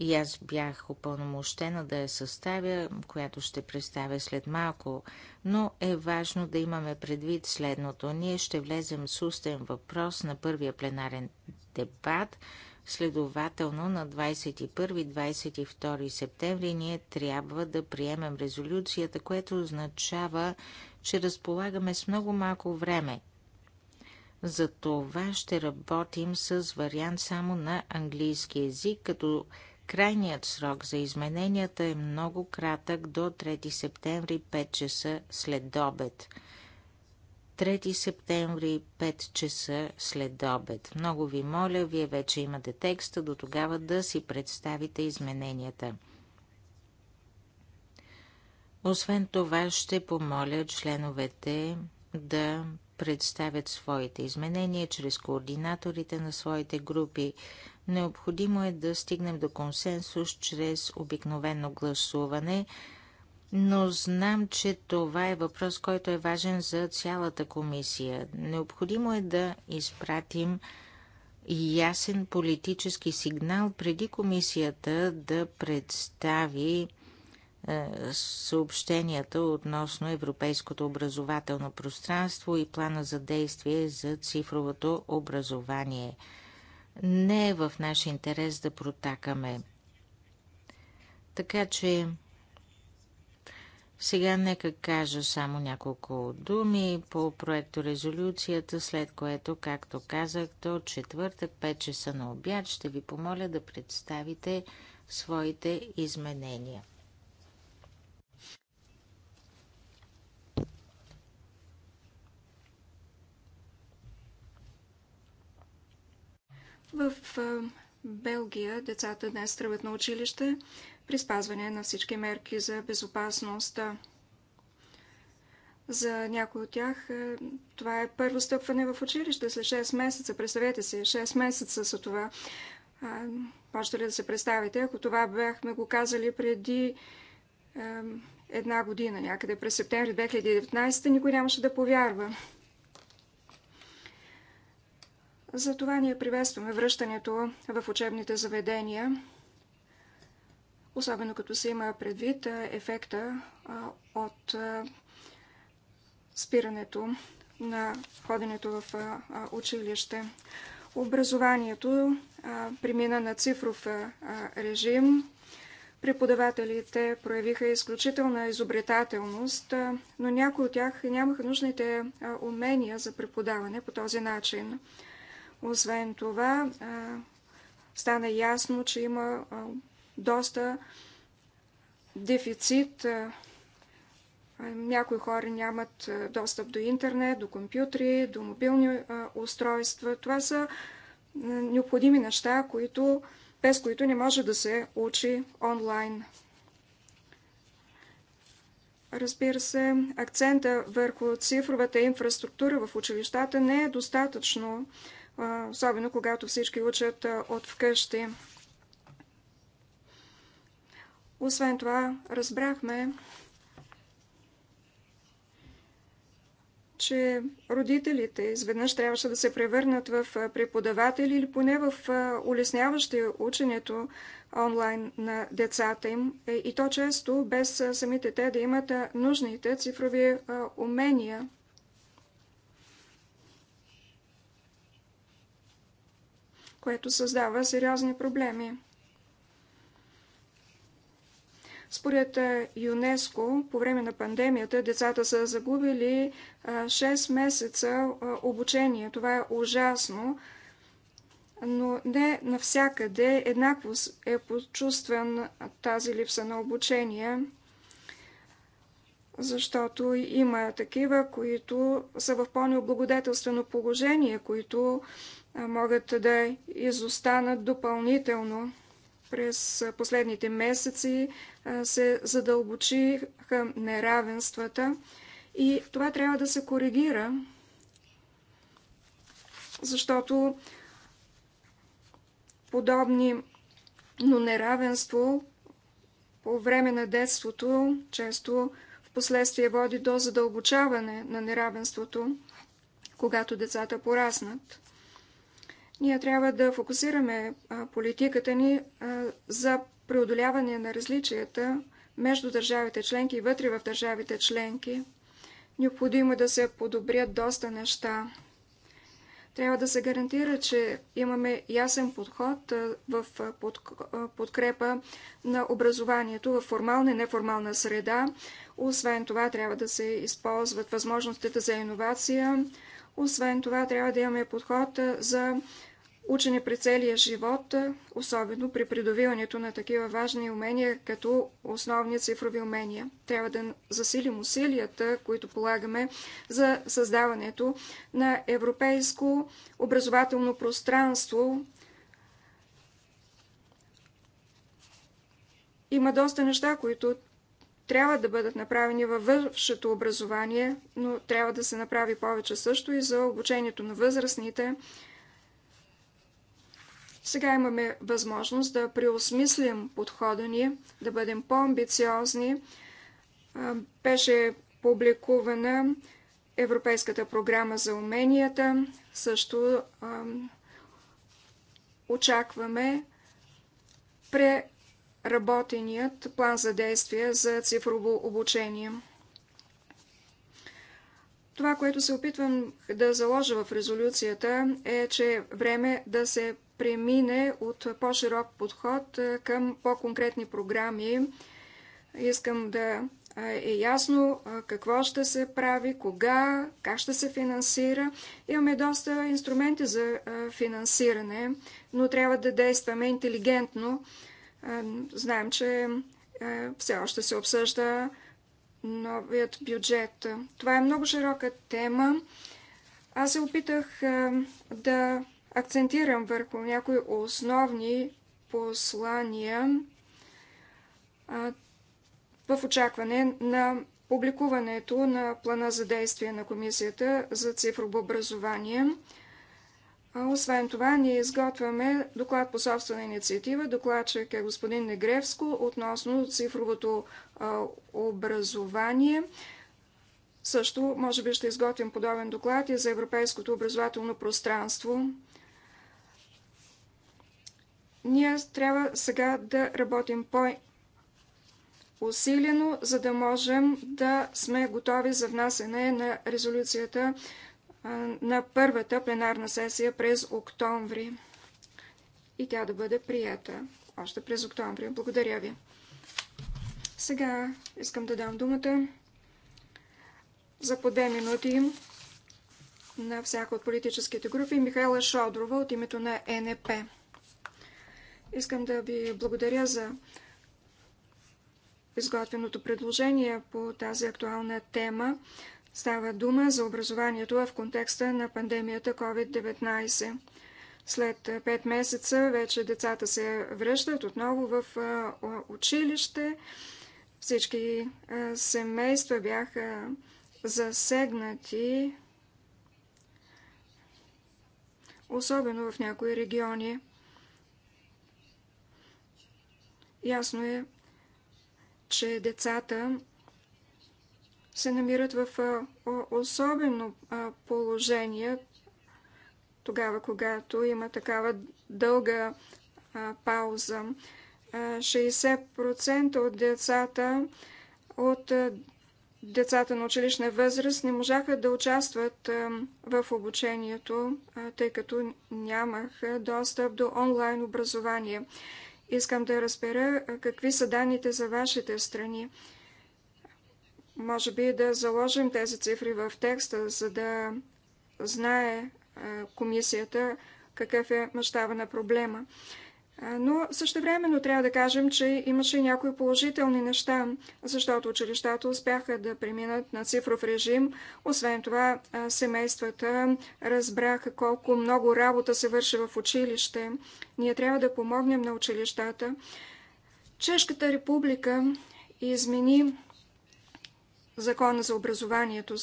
и аз бях упълномощена да я съставя, която ще представя след малко, но е важно да имаме предвид следното. Ние ще влезем с устен въпрос на първия пленарен дебат, следователно на 21-22 септември ние трябва да приемем резолюцията, което означава, че разполагаме с много малко време. За това ще работим с вариант само на английски язик, като Крайният срок за измененията е много кратък до 3 септември 5 часа след обед. 3 септември 5 часа след обед. Много ви моля, вие вече имате текста, до тогава да си представите измененията. Освен това ще помоля членовете да представят своите изменения чрез координаторите на своите групи, Необходимо е да стигнем до консенсус чрез обикновено гласуване, но знам, че това е въпрос, който е важен за цялата комисия. Необходимо е да изпратим ясен политически сигнал преди комисията да представи е, съобщенията относно Европейското образователно пространство и плана за действие за цифровото образование – не е в наш интерес да протакаме. Така че сега нека кажа само няколко думи по проекто резолюцията, след което, както казах, до четвъртък 5 часа на обяд ще ви помоля да представите своите изменения. В Белгия децата днес тръгват на училище при спазване на всички мерки за безопасност. За някои от тях това е първо стъпване в училище след 6 месеца. Представете си, 6 месеца са това. можете ли да се представите, ако това бяхме го казали преди една година, някъде през септември 2019, никой нямаше да повярва. Затова ние приветстваме връщането в учебните заведения, особено като се има предвид ефекта от спирането на ходенето в училище. Образованието премина на цифров режим. Преподавателите проявиха изключителна изобретателност, но някои от тях нямаха нужните умения за преподаване по този начин. Освен това, стана ясно, че има доста дефицит. Някои хора нямат достъп до интернет, до компютри, до мобилни устройства. Това са необходими неща, които, без които не може да се учи онлайн. Разбира се, акцента върху цифровата инфраструктура в училищата не е достатъчно особено когато всички учат от вкъщи. Освен това, разбрахме, че родителите изведнъж трябваше да се превърнат в преподаватели или поне в улесняващи ученето онлайн на децата им и то често без самите те да имат нужните цифрови умения. което създава сериозни проблеми. Според е, ЮНЕСКО, по време на пандемията децата са загубили 6 месеца обучение. Това е ужасно, но не навсякъде еднакво е почувстван тази липса на обучение, защото има такива, които са в по-необлагодетелствено положение, които могат да изостанат допълнително. През последните месеци се задълбочиха неравенствата и това трябва да се коригира, защото подобни, но неравенство по време на детството често в последствие води до задълбочаване на неравенството, когато децата пораснат. Ние трябва да фокусираме политиката ни за преодоляване на различията между държавите членки и вътре в държавите членки. Необходимо е да се подобрят доста неща. Трябва да се гарантира, че имаме ясен подход в подкрепа на образованието в формална и неформална среда. Освен това, трябва да се използват възможностите за иновация. Освен това, трябва да имаме подход за Учени при целия живот, особено при придобиването на такива важни умения, като основни цифрови умения. Трябва да засилим усилията, които полагаме за създаването на европейско образователно пространство. Има доста неща, които трябва да бъдат направени във вършето образование, но трябва да се направи повече също и за обучението на възрастните, сега имаме възможност да преосмислим подхода ни, да бъдем по-амбициозни. Беше публикувана Европейската програма за уменията. Също очакваме преработеният план за действие за цифрово обучение. Това, което се опитвам да заложа в резолюцията е, че е време да се премине от по-широк подход е, към по-конкретни програми. Искам да е, е ясно е, какво ще се прави, кога, как ще се финансира. Имаме доста инструменти за финансиране, но трябва да действаме интелигентно. Знаем, че все още се обсъжда новият бюджет. Това е много широка тема. Аз се опитах да акцентирам върху някои основни послания а, в очакване на публикуването на плана за действие на Комисията за цифрово образование. А, освен това, ние изготвяме доклад по собствена инициатива, докладчик е господин Негревско относно цифровото а, образование. Също, може би, ще изготвим подобен доклад и за европейското образователно пространство ние трябва сега да работим по-усилено, за да можем да сме готови за внасене на резолюцията на първата пленарна сесия през октомври и тя да бъде прията още през октомври. Благодаря ви. Сега искам да дам думата за по две минути на всяка от политическите групи Михайла Шодрова от името на НП. Искам да ви благодаря за изготвеното предложение по тази актуална тема. Става дума за образованието в контекста на пандемията COVID-19. След 5 месеца вече децата се връщат отново в училище. Всички семейства бяха засегнати, особено в някои региони. Ясно е, че децата се намират в особено положение тогава, когато има такава дълга пауза. 60% от децата от децата на училищна възраст не можаха да участват в обучението, тъй като нямаха достъп до онлайн образование. Искам да разбера какви са данните за вашите страни. Може би да заложим тези цифри в текста, за да знае комисията какъв е мащаба на проблема. Но също времено трябва да кажем, че имаше някои положителни неща, защото училищата успяха да преминат на цифров режим. Освен това, семействата разбраха колко много работа се върши в училище. Ние трябва да помогнем на училищата. Чешката република измени закона за образованието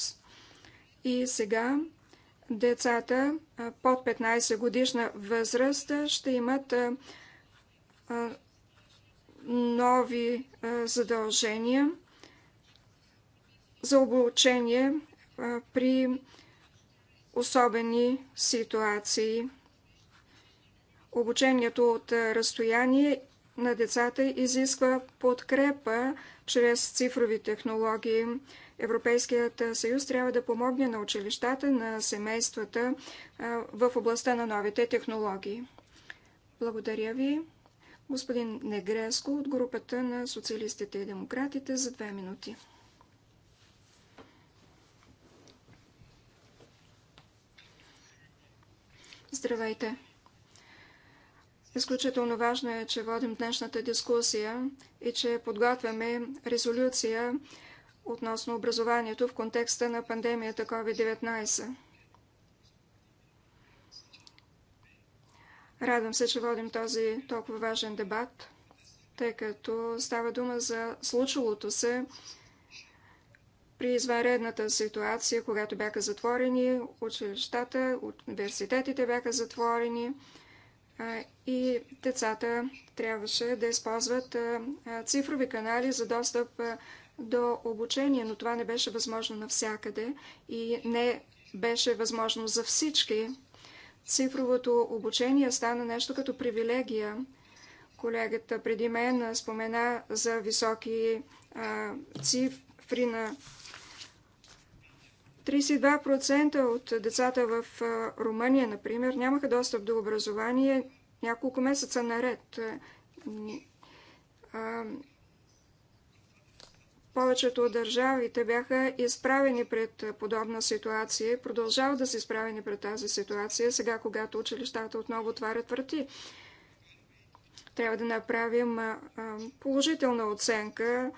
и сега децата под 15 годишна възраст ще имат нови задължения за обучение при особени ситуации. Обучението от разстояние на децата изисква подкрепа чрез цифрови технологии. Европейският съюз трябва да помогне на училищата, на семействата в областта на новите технологии. Благодаря ви господин Негреско от групата на социалистите и демократите за две минути. Здравейте! Изключително важно е, че водим днешната дискусия и че подготвяме резолюция относно образованието в контекста на пандемията COVID-19. Радвам се, че водим този толкова важен дебат, тъй като става дума за случилото се при извънредната ситуация, когато бяха затворени училищата, университетите бяха затворени и децата трябваше да използват цифрови канали за достъп до обучение, но това не беше възможно навсякъде и не беше възможно за всички цифровото обучение стана нещо като привилегия. Колегата преди мен спомена за високи а, цифри на 32% от децата в Румъния, например, нямаха достъп до образование няколко месеца наред. Повечето от държавите бяха изправени пред подобна ситуация и продължават да са изправени пред тази ситуация, сега когато училищата отново отварят врати. Трябва да направим положителна оценка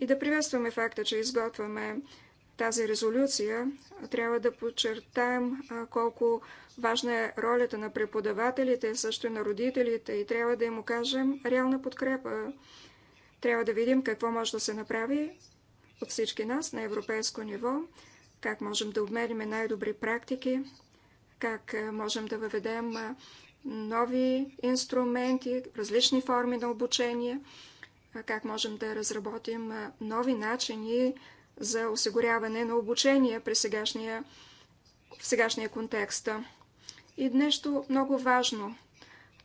и да приветстваме факта, че изготвяме тази резолюция. Трябва да подчертаем колко важна е ролята на преподавателите, също и на родителите и трябва да им окажем реална подкрепа трябва да видим какво може да се направи от всички нас на европейско ниво, как можем да обменим най-добри практики, как можем да въведем нови инструменти, различни форми на обучение, как можем да разработим нови начини за осигуряване на обучение при сегашния, в сегашния контекст. И нещо много важно,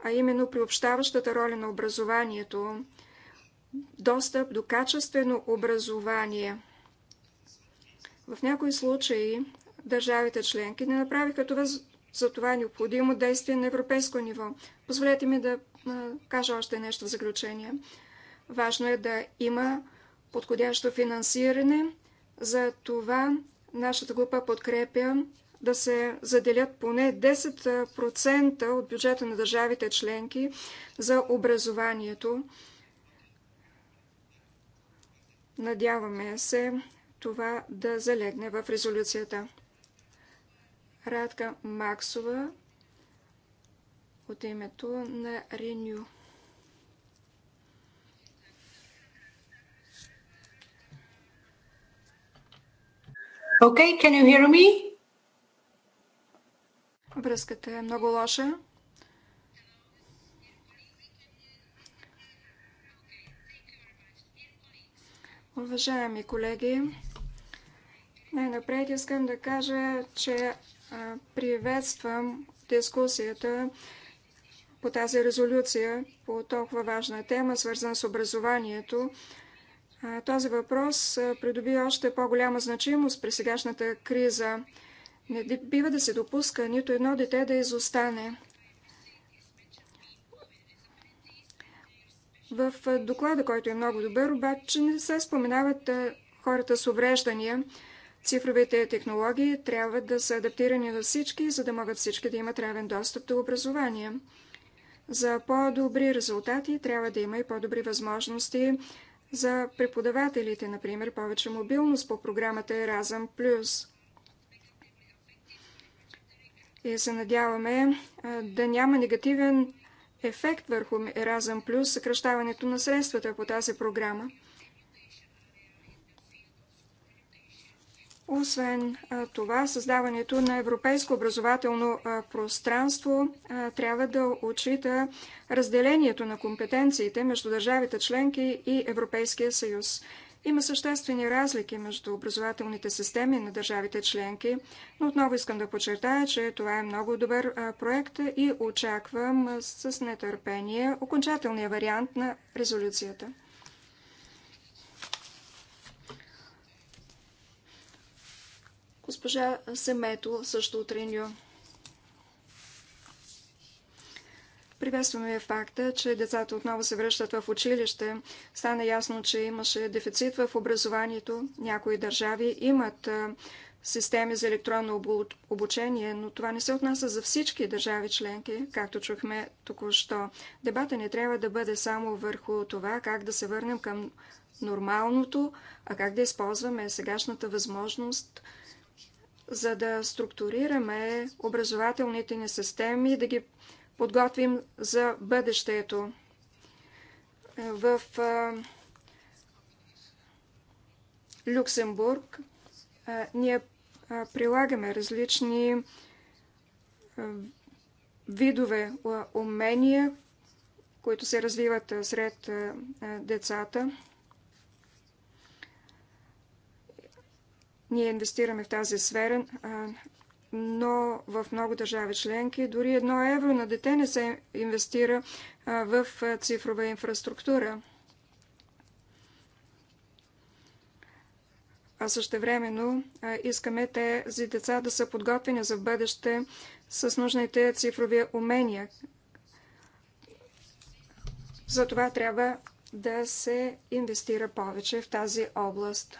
а именно приобщаващата роля на образованието – достъп до качествено образование. В някои случаи държавите членки не направиха това, за това необходимо действие на европейско ниво. Позволете ми да кажа още нещо в заключение. Важно е да има подходящо финансиране. За това нашата група подкрепя да се заделят поне 10% от бюджета на държавите членки за образованието. Надяваме се това да залегне в резолюцията. Радка Максова от името на Риню. Okay, can you hear me? Връзката е много лоша. Уважаеми колеги, най-напред искам да кажа, че приветствам дискусията по тази резолюция, по толкова важна тема, свързана с образованието. Този въпрос придоби още по-голяма значимост при сегашната криза. Не бива да се допуска нито едно дете да изостане. В доклада, който е много добър, обаче не се споменават хората с увреждания. Цифровите технологии трябва да са адаптирани на всички, за да могат всички да имат равен достъп до образование. За по-добри резултати трябва да има и по-добри възможности за преподавателите, например, повече мобилност по програмата Еразъм Плюс. И се надяваме да няма негативен ефект върху Еразъм Плюс, съкръщаването на средствата по тази програма. Освен това, създаването на европейско образователно пространство трябва да отчита разделението на компетенциите между държавите членки и Европейския съюз. Има съществени разлики между образователните системи на държавите членки, но отново искам да подчертая, че това е много добър проект и очаквам с нетърпение окончателния вариант на резолюцията. Госпожа Семето също от Риньо. Приветстваме факта, че децата отново се връщат в училище. Стана ясно, че имаше дефицит в образованието. Някои държави имат системи за електронно обучение, но това не се отнася за всички държави членки, както чухме току-що. Дебата не трябва да бъде само върху това как да се върнем към нормалното, а как да използваме сегашната възможност за да структурираме образователните ни системи, и да ги подготвим за бъдещето. В Люксембург ние прилагаме различни видове умения, които се развиват сред децата. Ние инвестираме в тази сфера но в много държави членки дори едно евро на дете не се инвестира в цифрова инфраструктура. а същевременно искаме тези деца да са подготвени за бъдеще с нужните цифрови умения. за това трябва да се инвестира повече в тази област.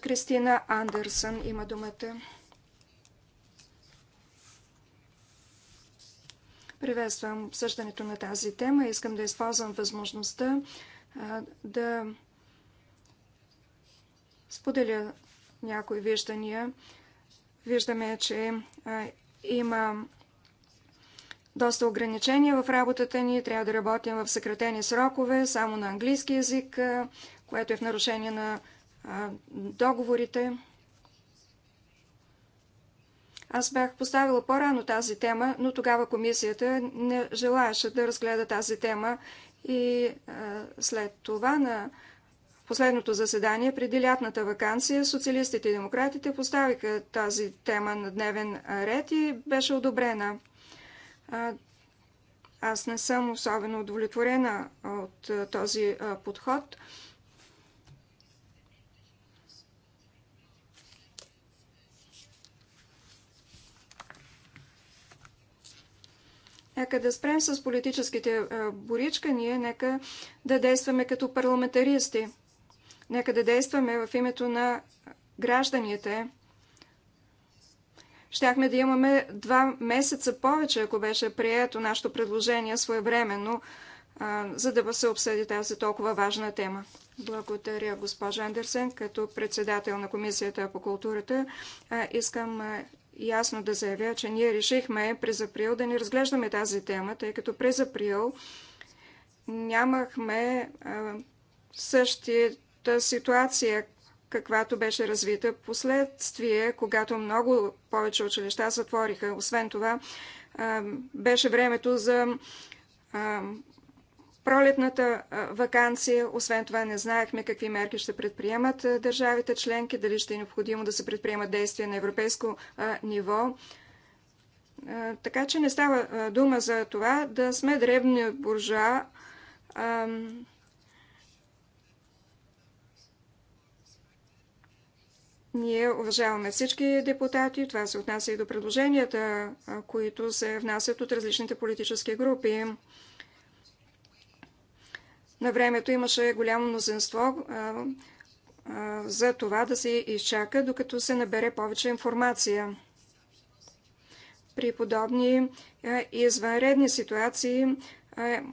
Кристина Андерсън има думата. Приветствам обсъждането на тази тема. Искам да използвам възможността да споделя някои виждания. Виждаме, че има доста ограничения в работата ни. Трябва да работим в съкратени срокове, само на английски язик, което е в нарушение на договорите. Аз бях поставила по-рано тази тема, но тогава комисията не желаеше да разгледа тази тема и а, след това на последното заседание, преди лятната вакансия, социалистите и демократите поставиха тази тема на дневен ред и беше одобрена. А, аз не съм особено удовлетворена от този подход. Нека да спрем с политическите е, боричка ние, нека да действаме като парламентаристи, нека да действаме в името на гражданите. Щяхме да имаме два месеца повече, ако беше прието нашето предложение своевременно, е, за да се обсъди тази толкова важна тема. Благодаря, госпожа Андерсен. Като председател на Комисията по културата е, искам ясно да заявя, че ние решихме през април да не разглеждаме тази тема, тъй като през април нямахме същата ситуация, каквато беше развита последствие, когато много повече училища затвориха. Освен това, беше времето за пролетната вакансия. Освен това не знаехме какви мерки ще предприемат държавите членки, дали ще е необходимо да се предприемат действия на европейско ниво. Така че не става дума за това да сме дребни буржуа, Ние уважаваме всички депутати. Това се отнася и до предложенията, които се внасят от различните политически групи. На времето имаше голямо мнозинство за това да се изчака, докато се набере повече информация. При подобни извънредни ситуации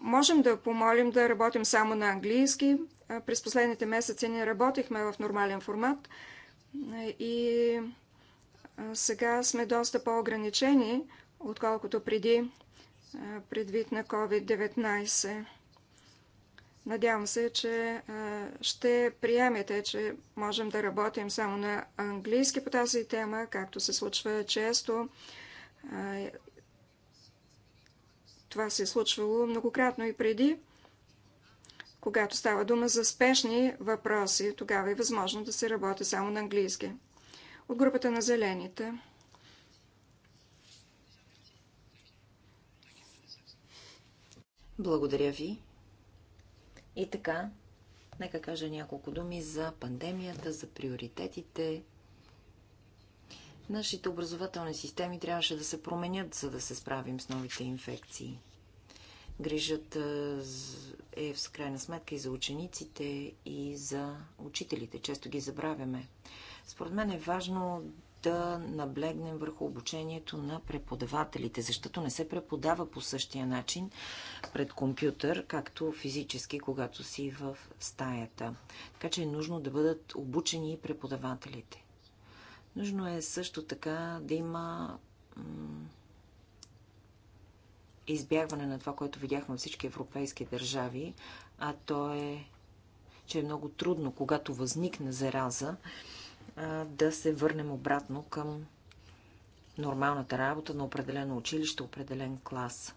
можем да помолим да работим само на английски. През последните месеци не работихме в нормален формат и сега сме доста по-ограничени, отколкото преди, предвид на COVID-19. Надявам се, че ще приемете, че можем да работим само на английски по тази тема, както се случва често. Това се е случвало многократно и преди. Когато става дума за спешни въпроси, тогава е възможно да се работи само на английски. От групата на зелените. Благодаря ви. И така, нека кажа няколко думи за пандемията, за приоритетите. Нашите образователни системи трябваше да се променят, за да се справим с новите инфекции. Грижата е в крайна сметка и за учениците, и за учителите. Често ги забравяме. Според мен е важно да наблегнем върху обучението на преподавателите, защото не се преподава по същия начин пред компютър, както физически, когато си в стаята. Така че е нужно да бъдат обучени и преподавателите. Нужно е също така да има избягване на това, което видяхме всички европейски държави, а то е, че е много трудно, когато възникне зараза, да се върнем обратно към нормалната работа на определено училище, определен клас.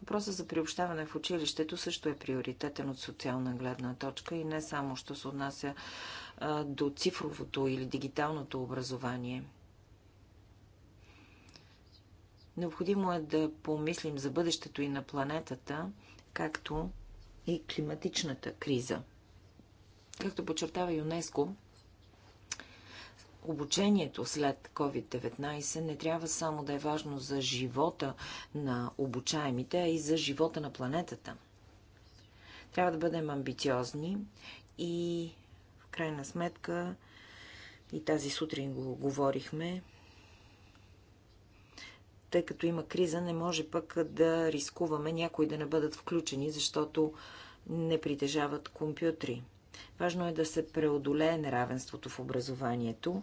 Въпросът за приобщаване в училището също е приоритетен от социална гледна точка и не само, що се отнася до цифровото или дигиталното образование. Необходимо е да помислим за бъдещето и на планетата, както и климатичната криза. Както подчертава ЮНЕСКО, Обучението след COVID-19 не трябва само да е важно за живота на обучаемите, а и за живота на планетата. Трябва да бъдем амбициозни и в крайна сметка и тази сутрин го говорихме, тъй като има криза, не може пък да рискуваме някои да не бъдат включени, защото не притежават компютри. Важно е да се преодолее неравенството в образованието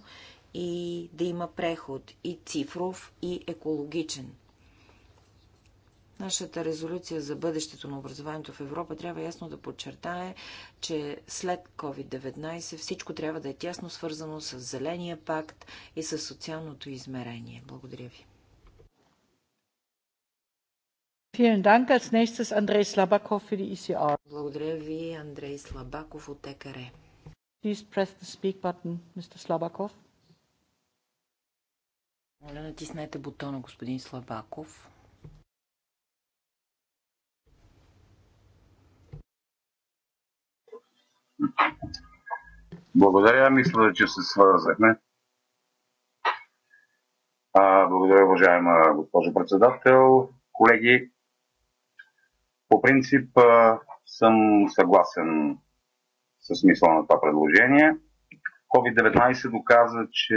и да има преход и цифров, и екологичен. Нашата резолюция за бъдещето на образованието в Европа трябва ясно да подчертае, че след COVID-19 всичко трябва да е тясно свързано с Зеления пакт и с социалното измерение. Благодаря ви. E благодаря ви, Андрей Слабаков от ЕКР. Please press the speak button, Mr. Slabakov. Моля, натиснете бутона, господин Слабаков. Благодаря, мисля, че се свързахме. А, благодаря, уважаема госпожо председател, колеги. По принцип съм съгласен с смисъла на това предложение. COVID-19 доказа, че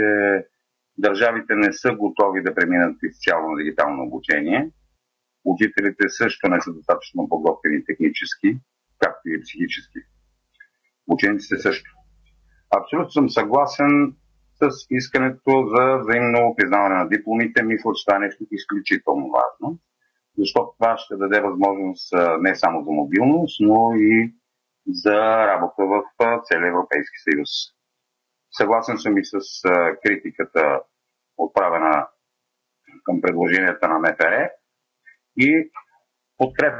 държавите не са готови да преминат изцяло на дигитално обучение. Учителите също не са достатъчно подготвени технически, както и психически. Учениците също. Абсолютно съм съгласен с искането за взаимно признаване на дипломите. Мисля, че това е нещо изключително важно защото това ще даде възможност не само за мобилност, но и за работа в целия Европейски съюз. Съгласен съм и с критиката, отправена към предложенията на МФР и подкреп.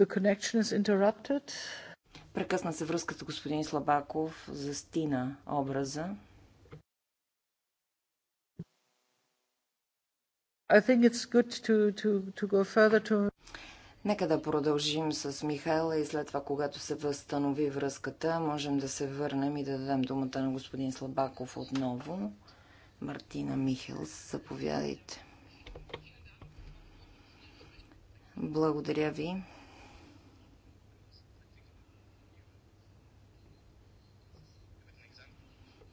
The connection is interrupted. Прекъсна се връзката господин Слабаков, за стина образа. I think it's good to, to, to go further to... Нека да продължим с Михайла и след това, когато се възстанови връзката, можем да се върнем и да дадем думата на господин Слабаков отново. Мартина Михелс, заповядайте. Благодаря ви.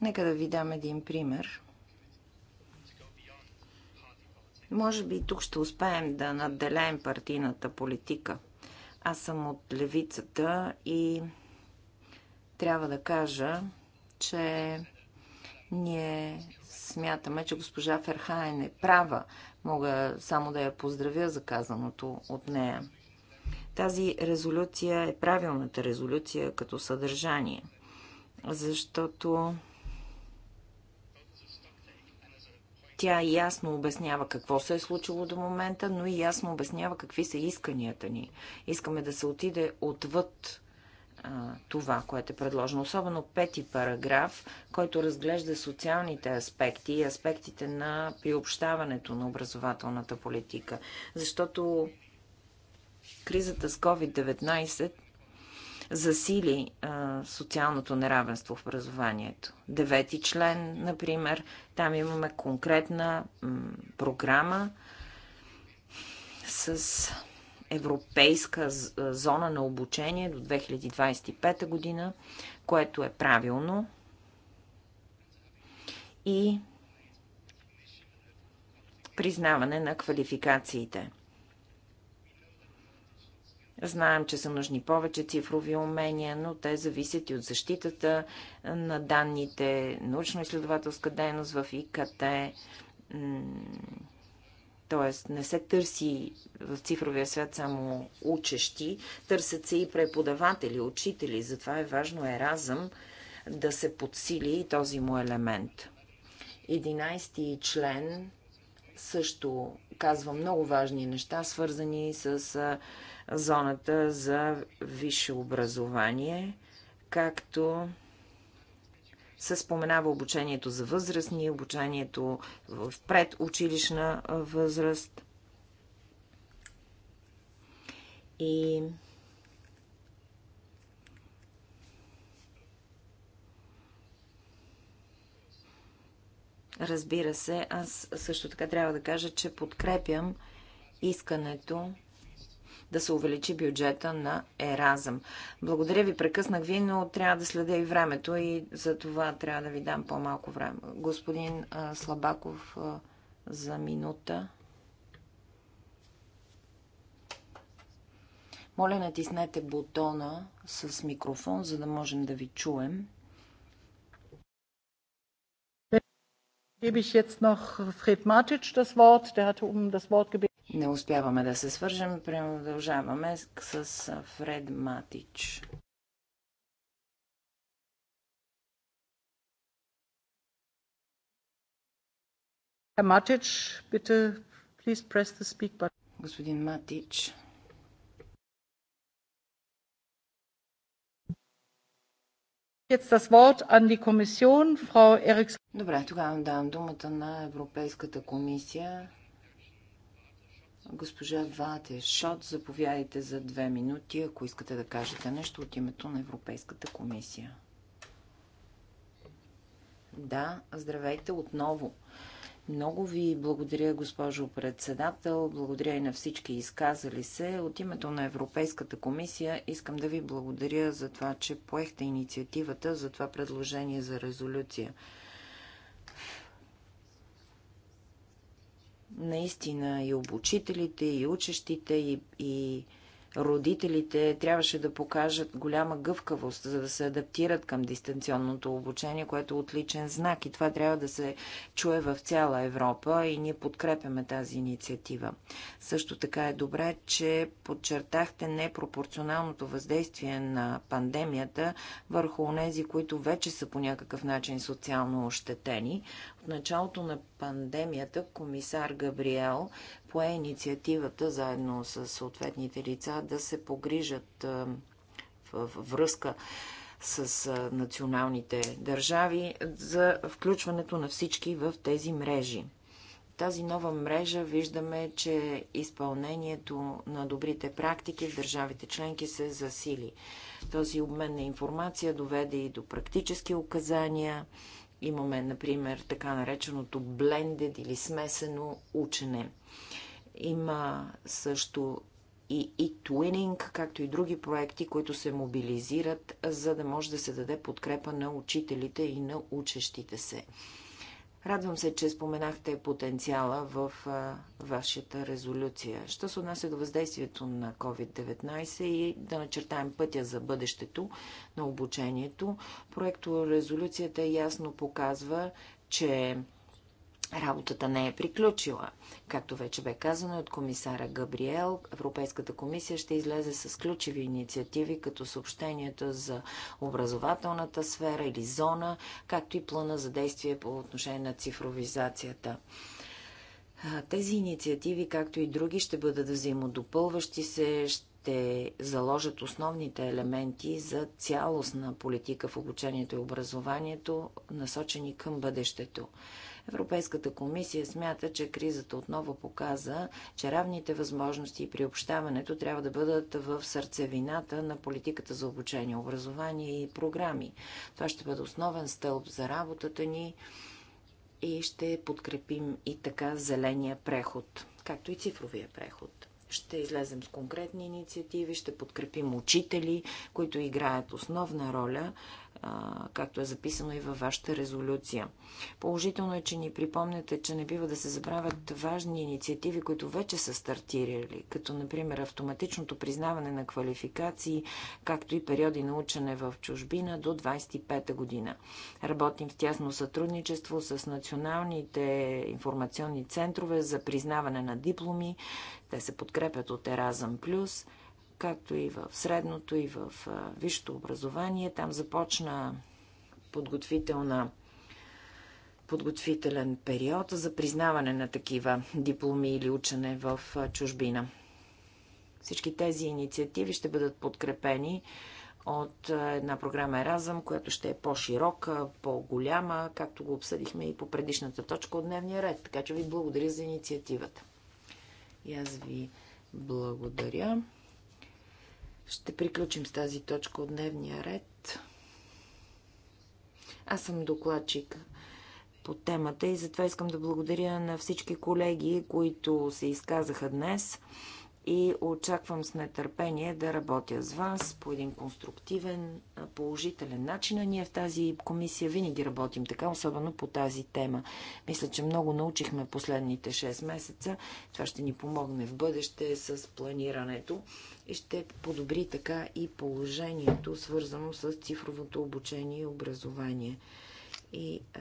Нека да ви дам един пример. Може би тук ще успеем да надделяем партийната политика. Аз съм от левицата и трябва да кажа, че ние смятаме, че госпожа Ферхайн е права. Мога само да я поздравя за казаното от нея. Тази резолюция е правилната резолюция като съдържание, защото Тя ясно обяснява какво се е случило до момента, но и ясно обяснява какви са исканията ни. Искаме да се отиде отвъд това, което е предложено. Особено пети параграф, който разглежда социалните аспекти и аспектите на приобщаването на образователната политика. Защото кризата с COVID-19 засили а, социалното неравенство в образованието. Девети член, например, там имаме конкретна програма с европейска зона на обучение до 2025 година, което е правилно. И признаване на квалификациите – Знаем, че са нужни повече цифрови умения, но те зависят и от защитата на данните, научно-изследователска дейност в ИКТ. Тоест, не се търси в цифровия свят само учещи, търсят се и преподаватели, учители. Затова е важно еразъм да се подсили този му елемент. 11 член също казва много важни неща, свързани с зоната за висше образование, както се споменава обучението за възрастни, обучението в предучилищна възраст. И Разбира се, аз също така трябва да кажа, че подкрепям искането да се увеличи бюджета на Еразъм. Благодаря ви, прекъснах ви, но трябва да следя и времето и за това трябва да ви дам по-малко време. Господин Слабаков за минута. Моля, натиснете бутона с микрофон, за да можем да ви чуем. Не успяваме да се свържем, продължаваме с Фред Матич. Господин Матич, Добре, тогава давам думата на Европейската комисия. Госпожа Вате Шот, заповядайте за две минути, ако искате да кажете нещо от името на Европейската комисия. Да, здравейте отново. Много ви благодаря, госпожо председател. Благодаря и на всички изказали се. От името на Европейската комисия искам да ви благодаря за това, че поехте инициативата за това предложение за резолюция. Наистина и обучителите, и учещите, и, и родителите трябваше да покажат голяма гъвкавост, за да се адаптират към дистанционното обучение, което е отличен знак и това трябва да се чуе в цяла Европа и ние подкрепяме тази инициатива. Също така е добре, че подчертахте непропорционалното въздействие на пандемията върху онези, които вече са по някакъв начин социално ощетени. В началото на пандемията комисар Габриел пое инициативата заедно с съответните лица да се погрижат в връзка с националните държави за включването на всички в тези мрежи. Тази нова мрежа виждаме, че изпълнението на добрите практики в държавите членки се засили. Този обмен на информация доведе и до практически указания, Имаме, например, така нареченото blended или смесено учене. Има също и e-twinning, както и други проекти, които се мобилизират, за да може да се даде подкрепа на учителите и на учещите се. Радвам се, че споменахте потенциала в а, вашата резолюция. Що се отнася до въздействието на COVID-19 и да начертаем пътя за бъдещето на обучението, проекто резолюцията ясно показва, че Работата не е приключила. Както вече бе казано от комисара Габриел, Европейската комисия ще излезе с ключови инициативи, като съобщението за образователната сфера или зона, както и плана за действие по отношение на цифровизацията. Тези инициативи, както и други, ще бъдат взаимодопълващи се, ще заложат основните елементи за цялостна политика в обучението и образованието, насочени към бъдещето. Европейската комисия смята, че кризата отново показа, че равните възможности и приобщаването трябва да бъдат в сърцевината на политиката за обучение, образование и програми. Това ще бъде основен стълб за работата ни и ще подкрепим и така зеления преход, както и цифровия преход ще излезем с конкретни инициативи, ще подкрепим учители, които играят основна роля както е записано и във вашата резолюция. Положително е, че ни припомняте, че не бива да се забравят важни инициативи, които вече са стартирали, като например автоматичното признаване на квалификации, както и периоди на учене в чужбина до 25-та година. Работим в тясно сътрудничество с националните информационни центрове за признаване на дипломи. Те се подкрепят от Еразъм Плюс – както и в средното, и в висшето образование. Там започна подготвителна подготвителен период за признаване на такива дипломи или учене в чужбина. Всички тези инициативи ще бъдат подкрепени от една програма Еразъм, която ще е по-широка, по-голяма, както го обсъдихме и по предишната точка от дневния ред. Така че ви благодаря за инициативата. И аз ви благодаря. Ще приключим с тази точка от дневния ред. Аз съм докладчик по темата и затова искам да благодаря на всички колеги, които се изказаха днес и очаквам с нетърпение да работя с вас по един конструктивен, положителен начин. А ние в тази комисия винаги работим така, особено по тази тема. Мисля, че много научихме последните 6 месеца. Това ще ни помогне в бъдеще с планирането и ще подобри така и положението, свързано с цифровото обучение и образование. И а,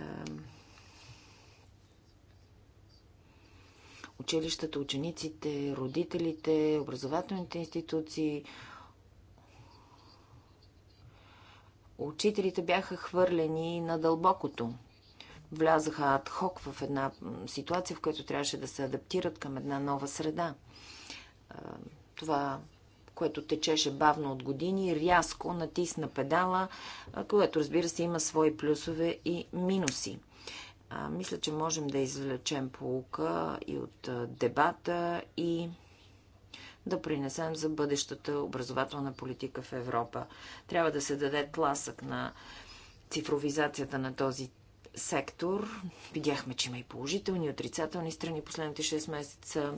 училищата, учениците, родителите, образователните институции. Учителите бяха хвърлени на дълбокото. Влязаха адхок в една ситуация, в която трябваше да се адаптират към една нова среда. Това което течеше бавно от години, рязко натисна педала, което разбира се има свои плюсове и минуси. А, мисля, че можем да извлечем полука и от дебата и да принесем за бъдещата образователна политика в Европа. Трябва да се даде тласък на цифровизацията на този сектор. Видяхме, че има и положителни, и отрицателни страни последните 6 месеца.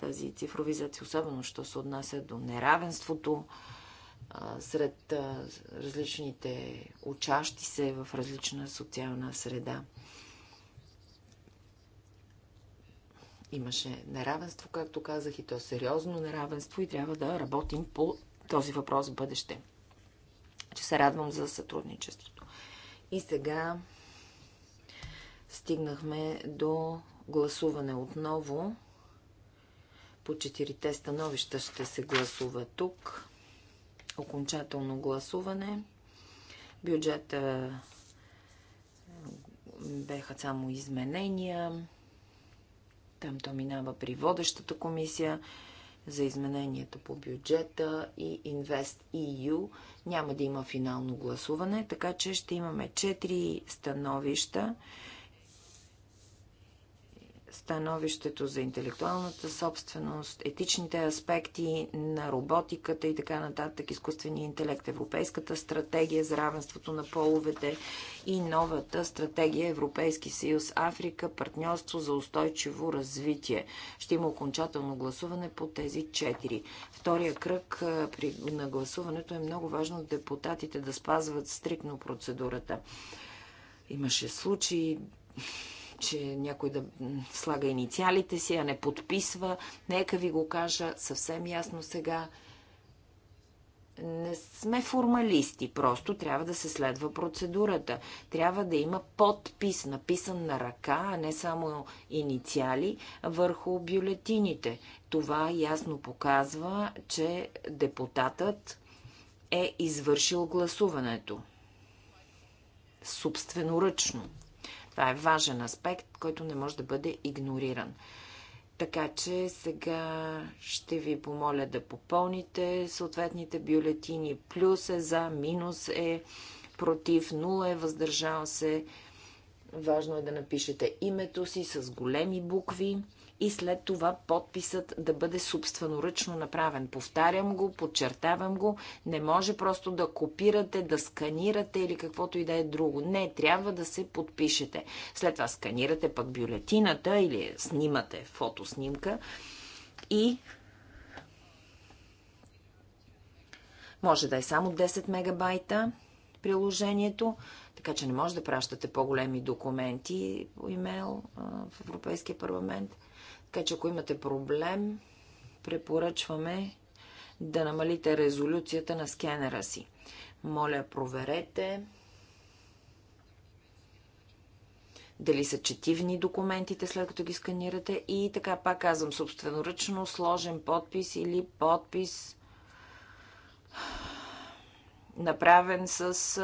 Тази цифровизация, особено, що се отнася до неравенството а, сред а, различните учащи се в различна социална среда. Имаше неравенство, както казах, и то сериозно неравенство и трябва да работим по този въпрос в бъдеще. Че се радвам за сътрудничеството. И сега стигнахме до гласуване отново. По четирите становища ще се гласува тук. Окончателно гласуване. Бюджета беха само изменения там то минава при водещата комисия за изменението по бюджета и Invest EU. Няма да има финално гласуване, така че ще имаме 4 становища становището за интелектуалната собственост, етичните аспекти на роботиката и така нататък, изкуствения интелект, Европейската стратегия за равенството на половете и новата стратегия Европейски съюз Африка, партньорство за устойчиво развитие. Ще има окончателно гласуване по тези четири. Втория кръг при, на гласуването е много важно депутатите да спазват стрикно процедурата. Имаше случаи, че някой да слага инициалите си, а не подписва. Нека ви го кажа съвсем ясно сега. Не сме формалисти, просто трябва да се следва процедурата. Трябва да има подпис, написан на ръка, а не само инициали върху бюлетините. Това ясно показва, че депутатът е извършил гласуването. Собственоръчно. Това е важен аспект, който не може да бъде игнориран. Така че сега ще ви помоля да попълните съответните бюлетини. Плюс е за, минус е против, нула е въздържал се. Важно е да напишете името си с големи букви и след това подписът да бъде собственоръчно направен. Повтарям го, подчертавам го. Не може просто да копирате, да сканирате или каквото и да е друго. Не, трябва да се подпишете. След това сканирате пък бюлетината или снимате фотоснимка и Може да е само 10 мегабайта приложението, така че не може да пращате по-големи документи по имейл в Европейския парламент. Така че ако имате проблем, препоръчваме да намалите резолюцията на скенера си. Моля, проверете дали са четивни документите след като ги сканирате и така пак казвам собственоръчно сложен подпис или подпис направен с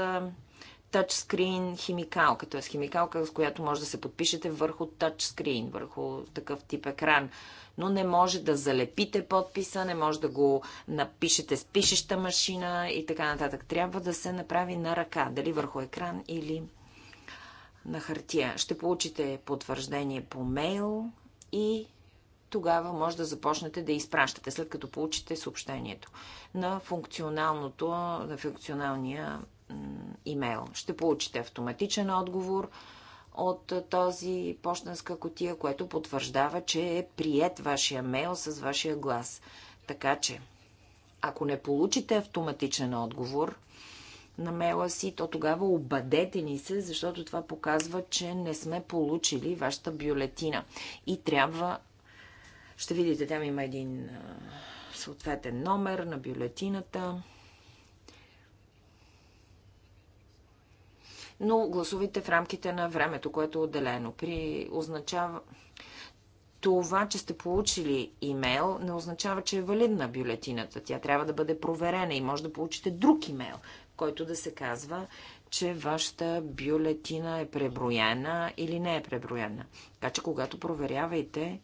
тачскрин химикалка, т.е. химикалка, с която може да се подпишете върху тачскрин, върху такъв тип екран. Но не може да залепите подписа, не може да го напишете с пишеща машина и така нататък. Трябва да се направи на ръка, дали върху екран или на хартия. Ще получите потвърждение по мейл и тогава може да започнете да изпращате, след като получите съобщението на функционалното, на функционалния имейл. Ще получите автоматичен отговор от този почтенска котия, което потвърждава, че е прият вашия мейл с вашия глас. Така че, ако не получите автоматичен отговор на мейла си, то тогава обадете ни се, защото това показва, че не сме получили вашата бюлетина. И трябва, ще видите, там има един съответен номер на бюлетината. но гласувайте в рамките на времето, което е отделено. При означава... Това, че сте получили имейл, не означава, че е валидна бюлетината. Тя трябва да бъде проверена и може да получите друг имейл, който да се казва, че вашата бюлетина е преброена или не е преброена. Така че, когато проверявайте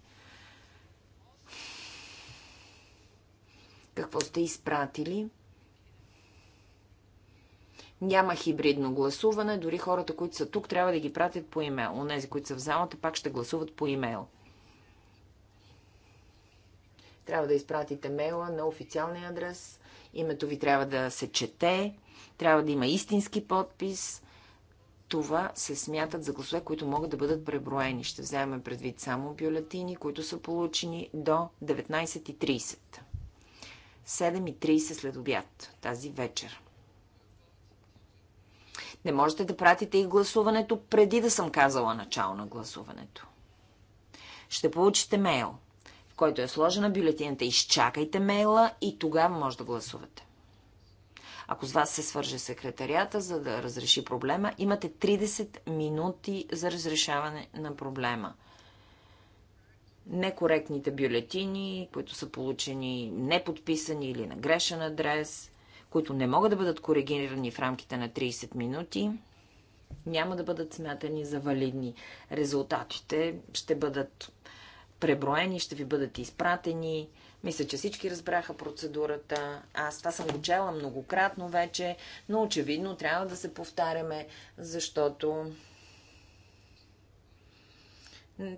какво сте изпратили, няма хибридно гласуване, дори хората, които са тук, трябва да ги пратят по имейл. Онези, които са в залата, пак ще гласуват по имейл. Трябва да изпратите мейла на официалния адрес. Името ви трябва да се чете. Трябва да има истински подпис. Това се смятат за гласове, които могат да бъдат преброени. Ще вземем предвид само бюлетини, които са получени до 19.30. 7.30 след обяд тази вечер. Не можете да пратите и гласуването преди да съм казала начало на гласуването. Ще получите мейл, в който е сложена бюлетината. Изчакайте мейла и тогава може да гласувате. Ако с вас се свърже секретарията, за да разреши проблема, имате 30 минути за разрешаване на проблема некоректните бюлетини, които са получени неподписани или на грешен адрес, които не могат да бъдат коригирани в рамките на 30 минути, няма да бъдат смятани за валидни. Резултатите ще бъдат преброени, ще ви бъдат изпратени. Мисля, че всички разбраха процедурата. Аз това съм го чела многократно вече, но очевидно трябва да се повтаряме, защото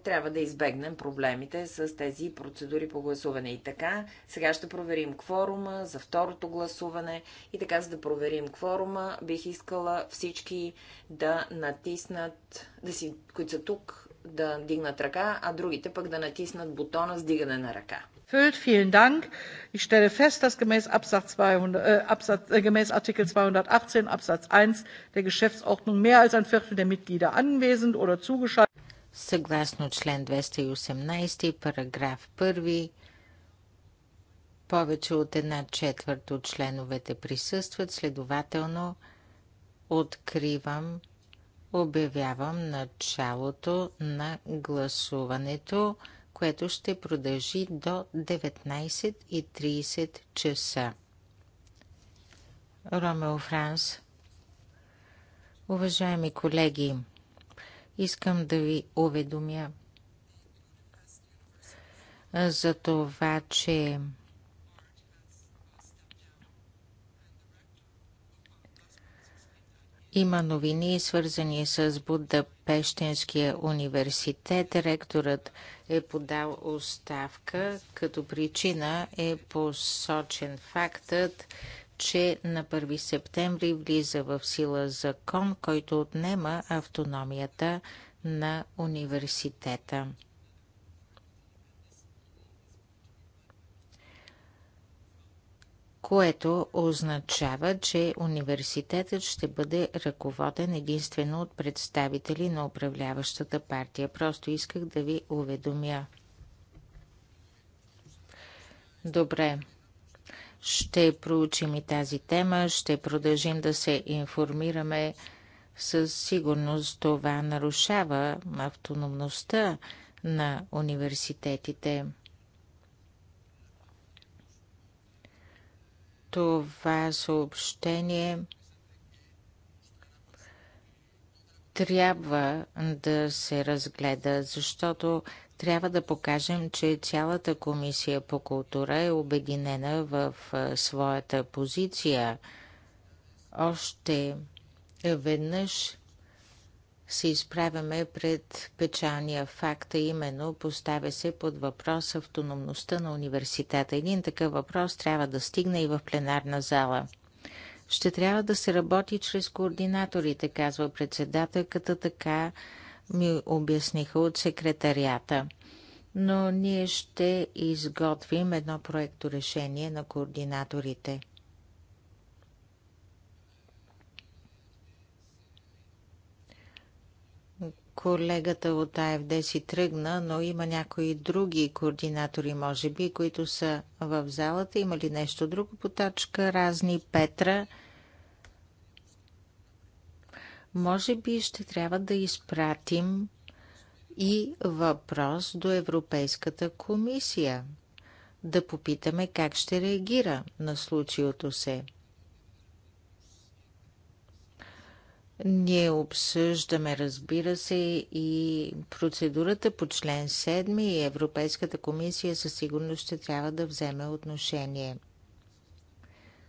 трябва да избегнем проблемите с тези процедури по гласуване. И така, сега ще проверим кворума за второто гласуване. И така, за да проверим кворума, бих искала всички да натиснат, да си, които са тук, да дигнат ръка, а другите пък да натиснат бутона с дигане на ръка. Фюлт, vielen Dank. Ich stelle fest, dass gemäß, Absatz 200, äh, Absatz, äh, gemäß Artikel 218 Absatz 1 der Geschäftsordnung mehr als ein Viertel der Mitglieder anwesend oder zugeschaltet съгласно член 218, параграф 1. Повече от една четвърт от членовете присъстват, следователно откривам, обявявам началото на гласуването, което ще продължи до 19.30 часа. Ромео Франс, уважаеми колеги, искам да ви уведомя за това, че Има новини, свързани с Будапештинския университет. Ректорът е подал оставка. Като причина е посочен фактът, че на 1 септември влиза в сила закон, който отнема автономията на университета. което означава, че университетът ще бъде ръководен единствено от представители на управляващата партия. Просто исках да ви уведомя. Добре, ще проучим и тази тема, ще продължим да се информираме. Със сигурност това нарушава автономността на университетите. Това съобщение трябва да се разгледа, защото трябва да покажем, че цялата комисия по култура е обединена в своята позиция. Още веднъж се изправяме пред печалния факт, а именно поставя се под въпрос автономността на университета. Един такъв въпрос трябва да стигне и в пленарна зала. Ще трябва да се работи чрез координаторите, казва председателката, така ми обясниха от секретарията. Но ние ще изготвим едно проекто решение на координаторите. колегата от АФД си тръгна, но има някои други координатори, може би, които са в залата. Има ли нещо друго по точка? Разни Петра. Може би ще трябва да изпратим и въпрос до Европейската комисия. Да попитаме как ще реагира на случилото се. Ние обсъждаме, разбира се, и процедурата по член 7 и Европейската комисия със сигурност ще трябва да вземе отношение.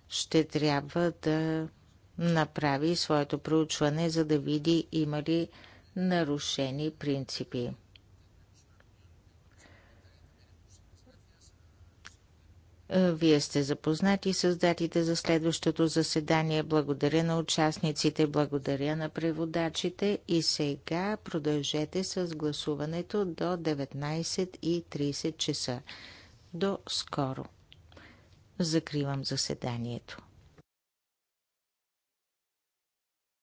Ще трябва да направи своето проучване, за да види има ли нарушени принципи. Вие сте запознати с датите за следващото заседание. Благодаря на участниците, благодаря на преводачите и сега продължете с гласуването до 19.30 часа. До скоро. Закривам заседанието.